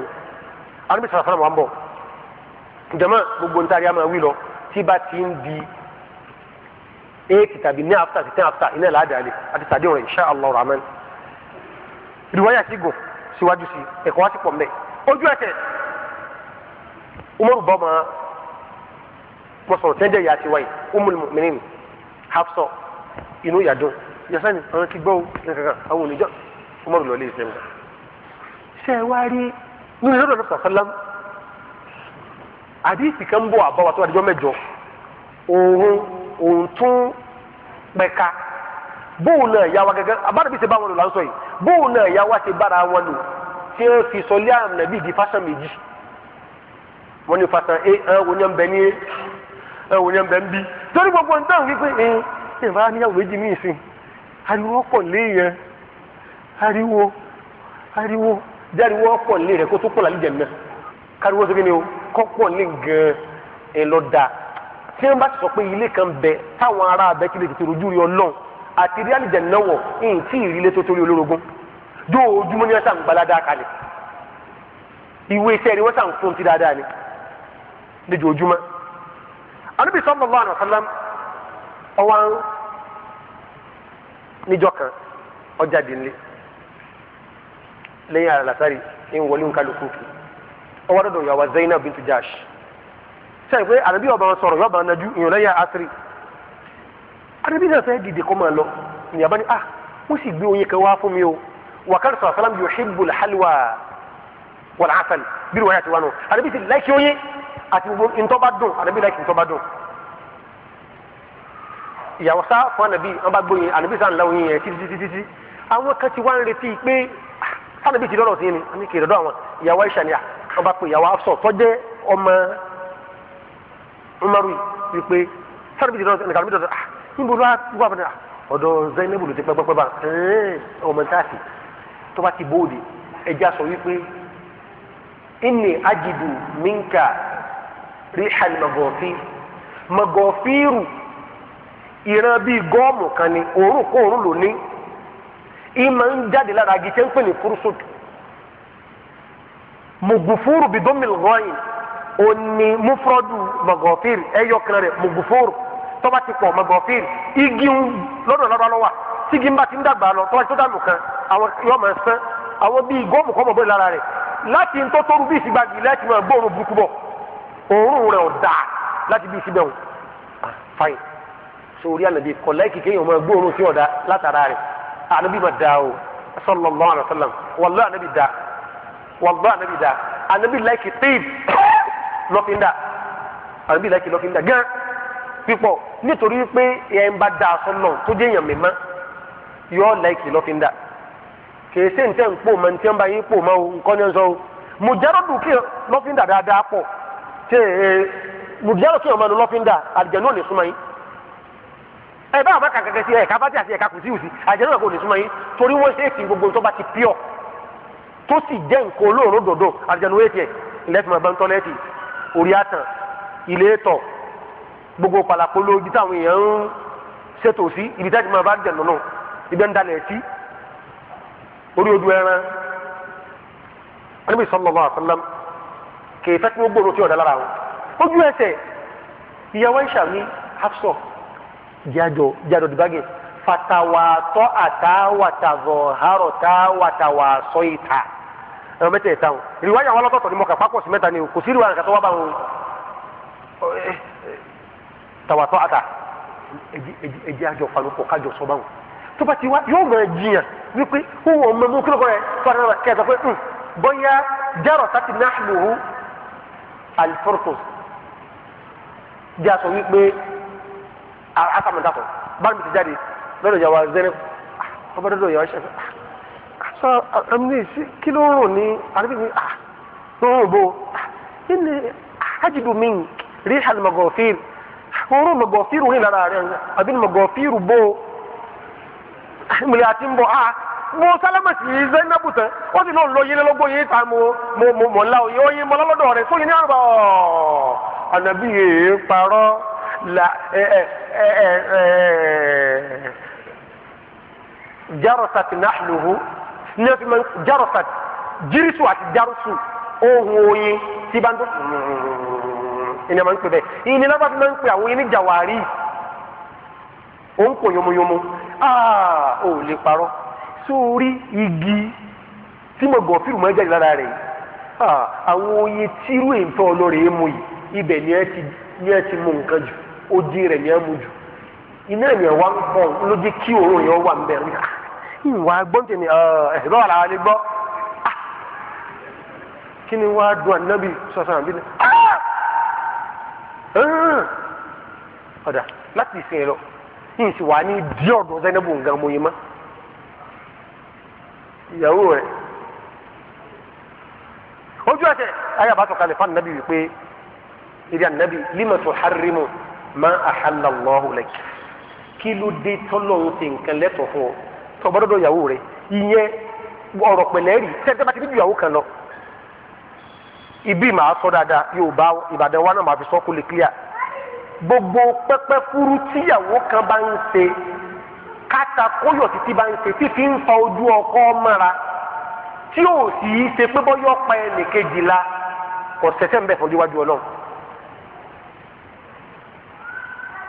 o tí bá ti ń di eight tàbí ní after ten after iná ládàálẹ̀ àti sàdéhùn rẹ̀ insha allah rahman ìdúwáyà sí gùn síwájú sí ẹ̀kọ́ wá sí pọ̀ mẹ́ ojú ẹsẹ̀ umaru bọ́mọ wọ́n sọ̀rọ̀ tẹ́jẹ̀ ìyá àti wáyé umul mu'minin hafsọ inú yàdùn yasani àwọn ti gbọ́ kankan àwọn oníjọ́ umaru lọ́ọ́ lé ìsẹ́yìn. sẹ́ẹ̀ wá nínú ìlú ọ̀dọ́ àdìsí kan bọ̀ àbáwá tó àdìjọ́ mẹ́jọ òun òun tún pẹ̀ka bóun náà bụ wá ya abáàdàbí ti bá wọn lò láńsọ yìí bóun náà yà wá ti bára wọn lò tí ó fi sọlé àrùn nàbí di wọn bẹ ní ẹ bẹ ń torí gbogbo ń dáhùn wípé bá níyàwó méjì ariwo ariwo ariwo rẹ kó tó kó kọ́pọ̀ ní gan-an ẹ lọ da tí wọ́n bá ti sọ pé ilé kan bẹ táwọn ará abẹ kí lè tètè rojú rí ọlọ́run àti rí àlìjẹ náwọ̀ ẹ̀yìn tí ìrìlẹ̀ tó torí olórogún dóòjúmọ́ ni wọ́n sàn gbalada kalẹ̀ ìwé iṣẹ́ ni wọ́n sàn fún ti dáadáa ni lójoojúmọ́ anabi sallallahu alaihi wasallam ọwọ́n níjọ kan ọjà dínlé lẹ́yìn àlàsárì ń wọlé ń kálukú kìí ọwọ́ dọ̀dọ̀ yàwá Zainab bintu Jash sẹ́yìn pé àdàbí ọba wọn sọ̀rọ̀ yọba nàjú ìyọ̀n lẹ́yìn asiri àdàbí náà fẹ́ dìde kọ́ máa lọ ìyàbá ni ah wọ́n sì gbé oyin kan wá fún mi o wàkàrà sọ̀rọ̀ sálám yóò ṣíbù halwa wal asal bí wọ́n yà ti wá nù àdàbí sì láìkí oyin àti gbogbo ntọ́ba dùn àdàbí láìkí ntọ́ba dùn ìyàwó sá fún àdàbí wọn bá gbóyin àdàbí sá ńlá oyin yẹn títí títí àwọn kan ti wá ń retí pé ah, sálàbí ọba pé ìyàwó afsọ tọjẹ ọmọ umaru wípé sábìtì náà nìkan níbo ló fún ah zainabu ló ti pẹpẹpẹ bá ọmọ ntaasi tó bá ti bóde ẹja sọ wípé inni ajidu minka rihan magọfi magọfiru ìran bíi gọọmù kan ni òórùn kóòórùn lóní ìmọ̀ ń jáde lára ń pè ní mugufuru bidomi lɔɔyin ó ní mufrɔdu magɔfir ɛyɔ kan rɛ mugufuru tó bá ti pọ̀ magɔfir igi lọ́dọ̀ lọ́dọ̀ lọ wa sigi ba ti ń dàgbà lọ tó bá ti tó dànù kan àwọn yọ ma sán àwọn bíi gómù kọ́ mọ̀ bóyá lára rẹ̀ láti ń tó tóru bí ìsìgbàgì láti máa gbóòórùn burúkú bọ̀ òórùn rẹ̀ ò dáa láti fain sori anabi kọlẹ kìkẹ yìí ọmọ ah, gbóòórùn tí ò dáa látara rẹ̀ anabi ma dáa o sallallahu alaihi wa sallam anabi dáa wàllu anabi da anabi like tib lọ́fíńdà anabi like lọ́fíńdà gan pípọ̀ nítorí pé ẹ̀ ń bá da sọ́nà tó jẹ́ èèyàn mímọ́ yọ like lọ́fíńdà kèé sèǹ tẹ̀ ń pò mọ́ ntẹ́ ń bá yín pò mọ́ o nǹkan ní sọ o mùjárọ̀dù kí lọ́fíńdà dáadáa pọ̀ tẹ ẹ mùjárọ̀dù kí ọmọ ní lọ́fíńdà àdìjẹ́ náà lè súnmọ́ yín ẹ bá àbá kàkàkẹ́ sí ẹ̀ kábàtì àti ẹ̀ka kùsíùsì àdìjẹ́ náà kò lè súnmọ́ yín torí wọ́n ṣe é fi gbogbo tó bá ti pure tó sì jẹ́ nǹkan olóòórùn dòdò àtijọ́ ìwé tiẹ̀ lẹ́tì máa bá ń tọ́lẹ́tì orí àtàn ilé tọ̀ gbogbo pàlàpolo ibi táwọn èèyàn ń ṣètò sí ibi táwọn máa bá jẹ̀ nínú ibi ń dalẹ̀ sí orí odò ẹran Ànábì sallallahu alaihi wasallam kì fẹ́ kí wọ́n gbòòrò tí ọ̀dà lára wọn ojú ẹsẹ̀ ìyàwó ìṣà ní hapsọ jájọ jájọ dìbàgẹ fatawatọ àtàwàtàvọ hàrọtàwàtàwà ìta ẹ̀rọ mẹ́tẹ̀ ẹ̀ta wọn ìrìwáyà wọn lọ́tọ̀ọ̀tọ̀ ni mo kà pápọ̀ sí mẹ́ta ni kò sí ìrìwáyà kàtọ́ wá bá wọn tàwátọ́ àtà ẹjẹ àjọ falùpọ̀ kájọ sọ báwọn tó bá ti wá yóò máa jiyàn wípé ó wọ ọmọ mú kílókọ yẹn tó àdáná kẹsàn pé bóyá járọ̀ sátì sati aliforcos jẹ́ àsọ wípé àtàmọ̀dàpọ̀ bá mi ti jáde lọ́dọ̀ yàwá zẹ́nẹ́ ọmọdé lọ́dọ̀ yàwá ṣẹ́fẹ́ sọ ẹni kí ló ń rò ní àdébí mi à ló ń rò bó ẹni ah, ah, ajidu mi rí àlùmọ̀gọ̀fìr òórùn mọ̀gọ̀fìr rìn lára rẹ̀ àbí mọ̀gọ̀fìr bó ah, ìmùlẹ̀ àti ń bọ̀ á mo sálámà sí Zainabu tán ó sì lóun lọ yín lọ́gbọ́n yín ta mo mo mo mọ̀ ńlá òye ó yín mọ́ lọ́lọ́dọ̀ rẹ̀ sóyin ní àrùbá ọ̀ọ́ ànàbí yèé parọ́ la ẹ ẹ ẹ ẹ jarasat nahluhu. ní ọtí jiri su jarosat jírísù àti jarusu ohun oyin tí bá ń dún ìní máa ń pè bẹ́ẹ̀ ìní náà bá fi máa ń pè àwọn oyin ní o yomoyomo aa igi mo gọ̀ fírù máa ń jáde lára rẹ̀ àwọn oyin tírú èèfẹ́ ọlọ́rẹ̀ èèmù yìí ni e e ti mu nkan jụ ó ni e ìwà gbọ́ntẹ̀mí ẹ̀rọ àlà wa ni gbọ́ ah! kí ni wàá dùn ànábì ah! hmm. ọ̀dà láti ìsìn sì wà ní díẹ̀ ọ̀dọ̀ Zainabu nǹkan mọ́ ìyàwó rẹ̀ ojú ẹsẹ̀ ànábì wípé ìdí ànábì ma kí ló dé nǹkan lẹ́tọ̀ fún ọ. tọ́bọ́dọ́dọ́ ìyàwó rẹ̀ ìyẹn ọ̀rọ̀ pẹ̀lẹ́ rí tẹ́tẹ́ bá ti níbi ìyàwó kan lọ. ibi màá sọ dáadáa yóò bá ìbàdàn wa náà màá fi sọ kó lè clear. gbogbo pẹ́pẹ́ fúru tíyàwó kan bá ń ṣe káta kóyọ̀ títí bá ń ṣe tí ń fa ojú ọkọ mọ́ra tí ò sì í ṣe pé bọ́yọ̀ pa ẹnì kejì la ọ̀sẹ̀sẹ̀ ń bẹ̀ fọjú wájú ọlọ́run.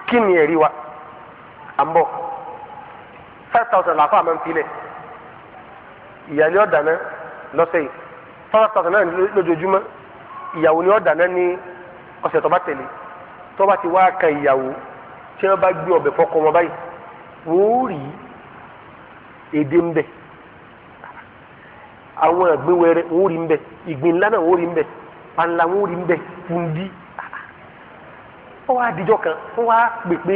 kí ni ẹ̀rí wa? à five thousand làáfà máa ń filẹ̀ ìyá ni ó dáná lọ́sẹ̀ yìí five thousand náà lójoojúmọ́ ìyàwó ni ó dáná ni ọ̀sẹ̀ tó bá tẹ̀lé tó bá ti wá kan ìyàwó tí wọ́n bá gbé ọbẹ̀ fọkọ wọn báyìí wọ́n rí èdè ń àwọn ẹ̀gbin wẹrẹ wọ́n rí náà wọ́n rí panla wọ́n rí fundi wọ́n wá dijọ́ kan wọ́n wá pèpè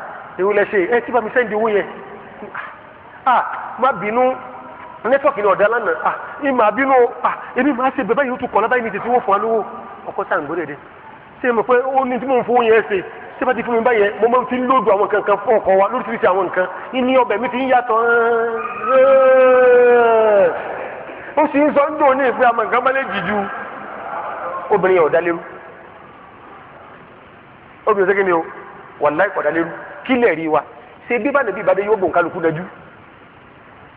èwo lẹ ṣe ẹ tí bá mi sẹ́ndì owó yẹn ah, ah má bínú nẹ́tíwọ̀kì ni ọ̀dà lánàá ah ìmọ̀ àbínú ah èmi máa ṣe bẹ́ẹ̀ yìí ó tún kọ̀ lábáyé ní tètè wọ́n fún wa lówó ọkọ sáà ń gbọ́dọ̀ dé ṣé mo pé ó ní tí mò ń fowó yẹn ṣe ṣé bá ti fún mi báyẹn mo máa ti ń lòdù àwọn nǹkan kan fún ọkọ wa lóríṣiríṣi àwọn nǹkan ìní ọbẹ̀ mi ti ń yàtọ̀ ó sì ń sọ ń dùn ní ìpè àmọ̀ nǹkan bá lè jìjú obìnrin ọ̀dà lérú obìnrin ṣé kí ni o wàláì kọ̀dà lérú kílẹ̀ rí wa ṣe bí bá nàbí ìbàdàn yóò bò nkálukú dájú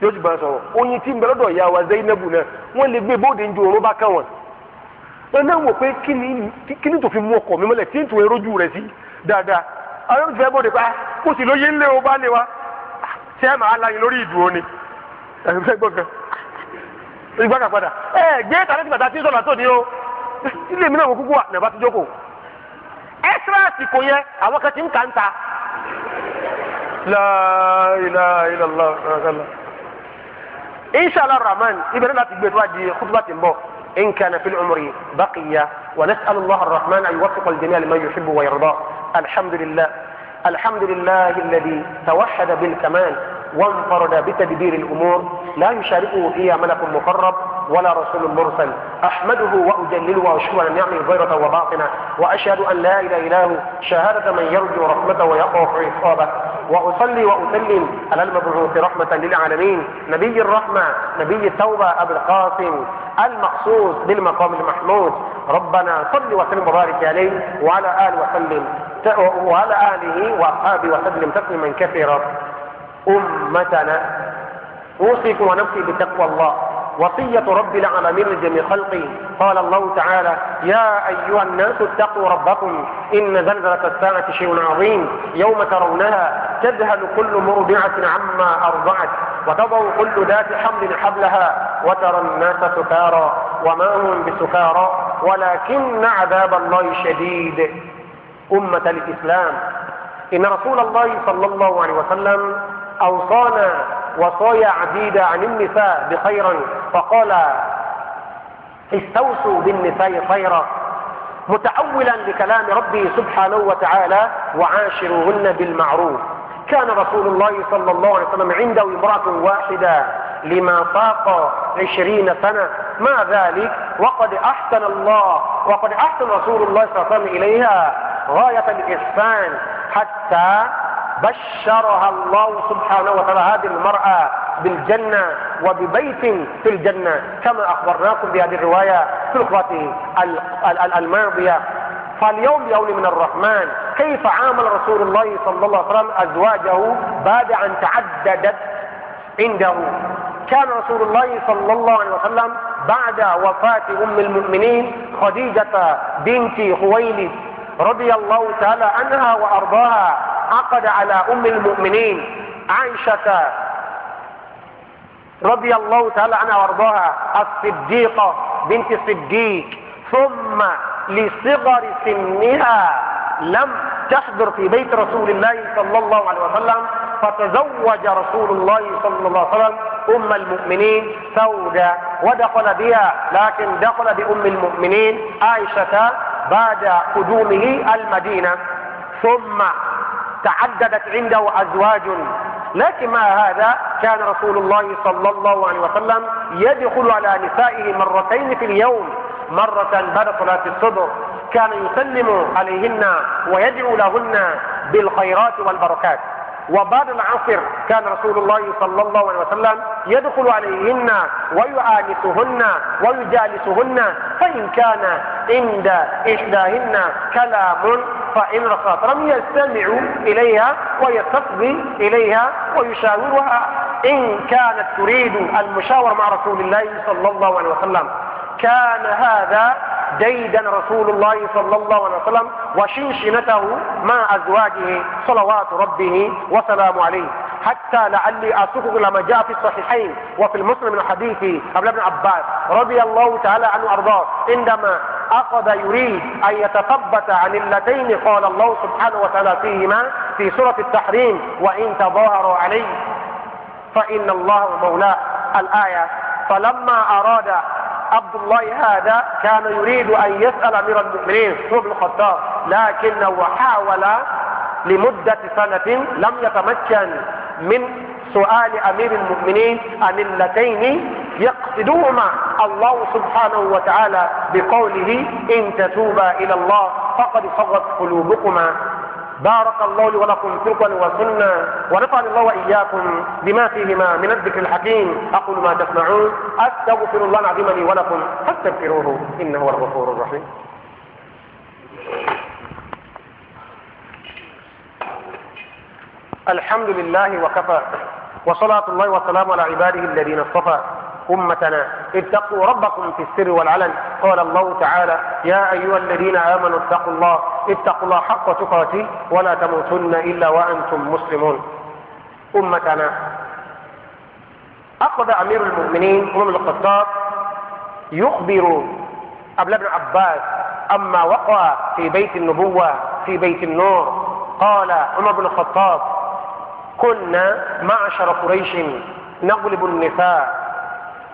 yóò sì bá sọ̀rọ̀ oyin tí ń bẹ lọ́dọ̀ ìyá wa Zainabu náà wọ́n lè gbé bóde njó oró bá kàn wọ́n wò pé kí ni fi mú ọkọ mi tí erójú sí dáadáa àwọn kó ah, sì lóye o bá lè wa ah, ṣé ẹ máa láyìn lórí ìdúró ni ẹ gbé tàbí tí o ilé mi náà wò اسرا سيكويا اوقات كانتا لا اله الا الله ما شاء الله ان شاء الله الرحمن ابن الله تبيت وادي خطبه تمبو ان كان في العمر بقيا ونسال الله الرحمن ان يوفق الجميع لما يحب ويرضى الحمد لله الحمد لله الذي توحد بالكمال وانفرد بتدبير الأمور لا يشاركه فيها ملك مقرب ولا رسول مرسل أحمده وأجلله وأشكر نعمه ظاهرة وباطنة وأشهد أن لا إله إلا هو شهادة من يرجو رحمته ويقع عقابه وأصلي وأسلم على المبعوث رحمة للعالمين نبي الرحمة نبي التوبة ابي القاسم المخصوص بالمقام المحمود ربنا صل وسلم وبارك عليه وعلى آله وسلم وعلى آله وأصحابه وسلم تسليما كثيرا أمتنا أوصيكم ونفسي بتقوى الله وصية رب العالمين لجميع خلقه قال الله تعالى يا أيها الناس اتقوا ربكم إن زلزلة الساعة شيء عظيم يوم ترونها تذهل كل مرضعة عما أرضعت وتضع كل ذات حمل حبلها وترى الناس سكارى وما هم بسكارى ولكن عذاب الله شديد أمة الإسلام إن رسول الله صلى الله عليه وسلم أوصانا وصايا عديدة عن النساء بخيرا فقال استوصوا بالنساء خيرا متأولا لكلام ربه سبحانه وتعالى وعاشروهن بالمعروف كان رسول الله صلى الله عليه وسلم عنده امرأة واحدة لما فاق عشرين سنة ما ذلك وقد أحسن الله وقد أحسن رسول الله صلى الله عليه وسلم إليها غاية الإحسان حتى بشرها الله سبحانه وتعالى هذه المرأة بالجنة وببيت في الجنة كما أخبرناكم بهذه الرواية في الخطوة الماضية فاليوم بقول من الرحمن كيف عامل رسول الله صلى الله عليه وسلم أزواجه بعد أن تعددت عنده كان رسول الله صلى الله عليه وسلم بعد وفاة أم المؤمنين خديجة بنت خويلد رضي الله تعالى عنها وأرضاها عقد على أم المؤمنين عائشة رضي الله تعالى عنها وارضاها الصديقة بنت الصديق ثم لصغر سنها لم تحضر في بيت رسول الله صلى الله عليه وسلم فتزوج رسول الله صلى الله عليه وسلم أم المؤمنين سودة ودخل بها لكن دخل بأم المؤمنين عائشة بعد قدومه المدينة ثم تعددت عنده أزواج لكن مع هذا كان رسول الله صلى الله عليه وسلم يدخل على نسائه مرتين في اليوم مرة بعد صلاة الصبح كان يسلم عليهن ويدعو لهن بالخيرات والبركات وبعد العصر كان رسول الله صلى الله عليه وسلم يدخل عليهن ويؤانسهن ويجالسهن فإن كان عند إحداهن كلام فإن لم يستمع إليها ويستقضي إليها ويشاورها إن كانت تريد المشاور مع رسول الله صلى الله عليه وسلم كان هذا جيدا رسول الله صلى الله عليه وسلم وشنشنته مع أزواجه صلوات ربه وسلام عليه حتى لعلي أسوق لما جاء في الصحيحين وفي المسلم من حديث عبد ابن عباس رضي الله تعالى عنه أرضاه عندما أخذ يريد أن يتثبت عن اللتين قال الله سبحانه وتعالى فيهما في سورة التحريم وإن تظاهروا عليه فإن الله مولاه الآية فلما أراد عبد الله هذا كان يريد أن يسأل أمير المؤمنين عمر بن الخطاب لكنه حاول لمدة سنة لم يتمكن من سؤال أمير المؤمنين عن اللتين يقصدهما الله سبحانه وتعالى بقوله إن تتوبا إلى الله فقد صغت قلوبكما بارك الله لي ولكم في القرآن والسنة ونفعني الله وإياكم بما فيهما من الذكر الحكيم أقول ما تسمعون أستغفر الله العظيم لي ولكم فاستغفروه إنه هو الغفور الرحيم الحمد لله وكفى وصلاة الله وسلامه على عباده الذين اصطفى أمتنا اتقوا ربكم في السر والعلن قال الله تعالى يا أيها الذين آمنوا اتقوا الله اتقوا الله حق تقاته ولا تموتن إلا وأنتم مسلمون أمتنا أخذ أمير المؤمنين عمر أمم الخطاب يخبر قبل ابن عباس أما وقع في بيت النبوة في بيت النور قال عمر بن الخطاب كنا معشر قريش نغلب النساء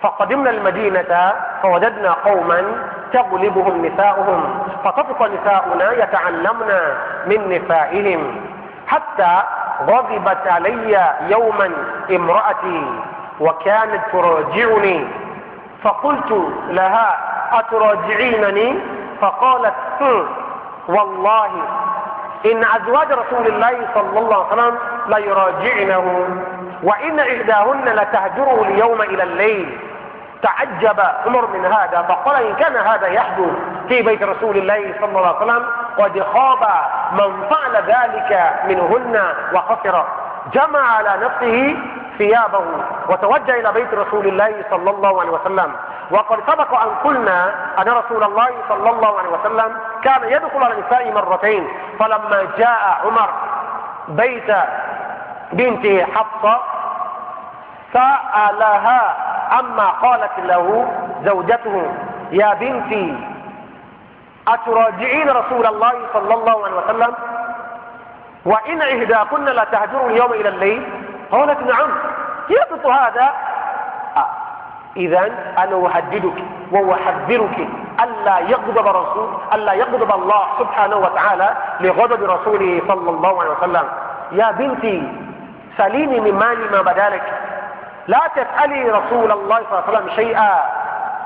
فقدمنا المدينة فوجدنا قوما تغلبهم نساؤهم فطفق نساؤنا يتعلمن من نسائهم حتى غضبت علي يوما امرأتي وكانت تراجعني فقلت لها أتراجعينني فقالت والله إن أزواج رسول الله صلى الله عليه وسلم ليراجعنه وإن إحداهن لتهجره اليوم إلى الليل تعجب عمر من هذا فقال إن كان هذا يحدث في بيت رسول الله صلى الله عليه وسلم قد خاب من فعل ذلك منهن وخسر جمع على نفسه ثيابه وتوجه إلى بيت رسول الله صلى الله عليه وسلم وقد سبق أن قلنا أن رسول الله صلى الله عليه وسلم كان يدخل على النساء مرتين فلما جاء عمر بيت بنت حفصة سألها عما قالت له زوجته يا بنتي أتراجعين رسول الله صلى الله عليه وسلم وإن إهداكن لتهجر اليوم إلى الليل قالت نعم يضبط هذا آه، إذا أنا أهددك وأحذرك ألا يغضب رسول ألا يغضب الله سبحانه وتعالى لغضب رسوله صلى الله عليه وسلم يا بنتي سليمي من مالي ما بدالك لا تسألي رسول الله صلى الله عليه وسلم شيئا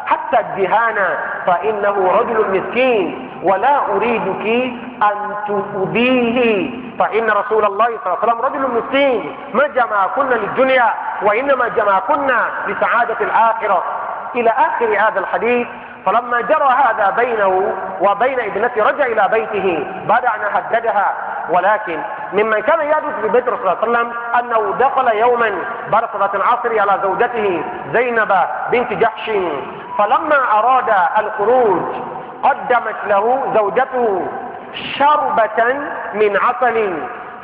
حتى الدهان فإنه رجل مسكين ولا أريدك أن تؤذيه فإن رسول الله صلى الله عليه وسلم رجل مسكين ما جمع كنا للدنيا وإنما جمع كنا لسعادة الآخرة إلى آخر هذا الحديث فلما جرى هذا بينه وبين ابنته رجع إلى بيته بعد أن هددها ولكن ممن كان يحدث في بيت الرسول صلى الله عليه وسلم أنه دخل يوما بعد صلاة العصر على زوجته زينب بنت جحش فلما أراد الخروج قدمت له زوجته شربة من عسل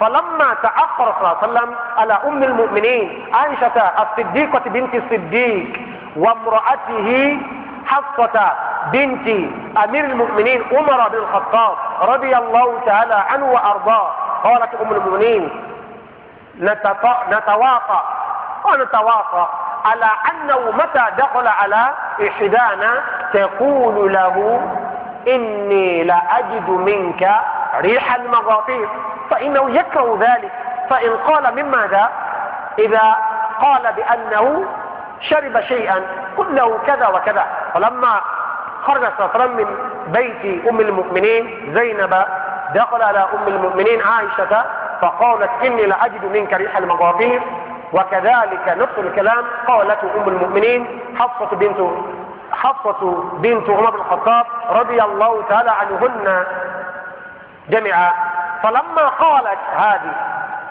فلما تأخر صلى الله عليه وسلم على أم المؤمنين عائشة الصديقة بنت الصديق وامرأته حفصة بنت أمير المؤمنين عمر بن الخطاب رضي الله تعالى عنه وأرضاه قالت أم المؤمنين نتواطأ ونتواطأ على أنه متى دخل على إحدانا تقول له إني لأجد منك ريح المغاطير فإنه يكره ذلك فإن قال من ماذا إذا قال بأنه شرب شيئا قل له كذا وكذا فلما خرج صلى الله عليه وسلم من بيت أم المؤمنين زينب دخل على أم المؤمنين عائشة فقالت إني لأجد منك ريح المغافير وكذلك نفس الكلام قالت أم المؤمنين حفصة بنت حفصة بنت عمر بن الخطاب رضي الله تعالى عنهن جميعا فلما قالت هذه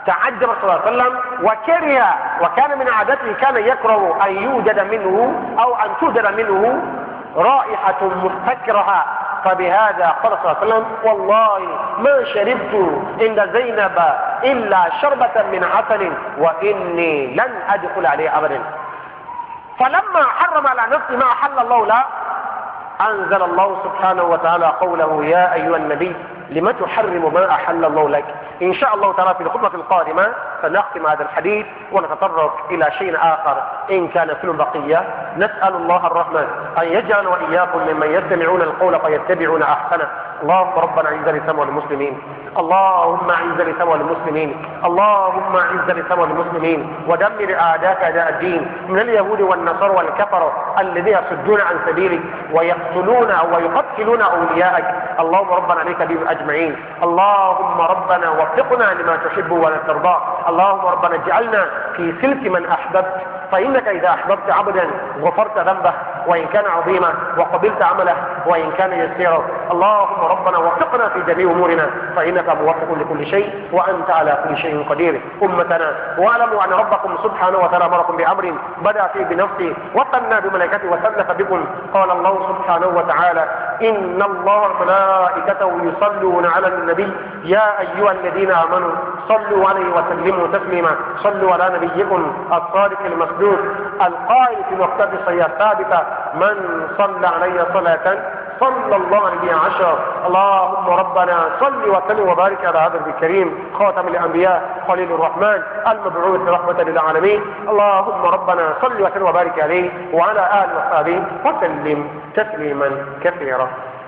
تعجب صلى الله عليه وسلم وكره وكان من عادته كان يكره أن يوجد منه أو أن توجد منه رائحة مستكرهة فبهذا قال صلى الله عليه وسلم والله ما شربت عند زينب إلا شربة من عسل وإني لن أدخل عليه أبدا فلما حرم على نفسه ما أحل الله له أنزل الله سبحانه وتعالى قوله يا أيها النبي لم تحرم ما أحل الله لك إن شاء الله تعالى في الخطبة القادمة سنختم هذا الحديث ونتطرق إلى شيء آخر إن كان في البقية نسأل الله الرحمن أن يجعل وإياكم ممن يستمعون القول فيتبعون أحسنه اللهم ربنا اعز الاسلام والمسلمين اللهم اعز الاسلام والمسلمين اللهم اعز الاسلام والمسلمين ودمر اعداءك اعداء الدين من اليهود والنصارى والكفره الذين يصدون عن سبيلك ويقتلون ويقتلون اوليائك اللهم ربنا عليك بهم اجمعين اللهم ربنا وفقنا لما تحب ولا ترضى اللهم ربنا اجعلنا في سلك من احببت فإنك إذا أحببت عبدا غفرت ذنبه وإن كان عظيما وقبلت عمله وإن كان يسيرا اللهم ربنا وفقنا في جميع أمورنا فإنك موفق لكل شيء وأنت على كل شيء قدير أمتنا واعلموا أن ربكم سبحانه وتعالى أمركم بأمر بدأ فيه بنفسه وثنى بملائكته وسلف بكم قال الله سبحانه وتعالى إن الله ملائكته يصلون على النبي يا أيها الذين آمنوا صلوا عليه وسلموا تسليما صلوا على نبيكم الصادق المصدوق المخلوق القائل في مقتضى ثابتة من صلى علي صلاة صلى الله عليه عشر اللهم ربنا صل وسلم وبارك على هذا الكريم خاتم الأنبياء خليل الرحمن المبعوث رحمة للعالمين اللهم ربنا صل وسلم وبارك عليه وعلى آله وصحبه وسلم تسليما كثيرا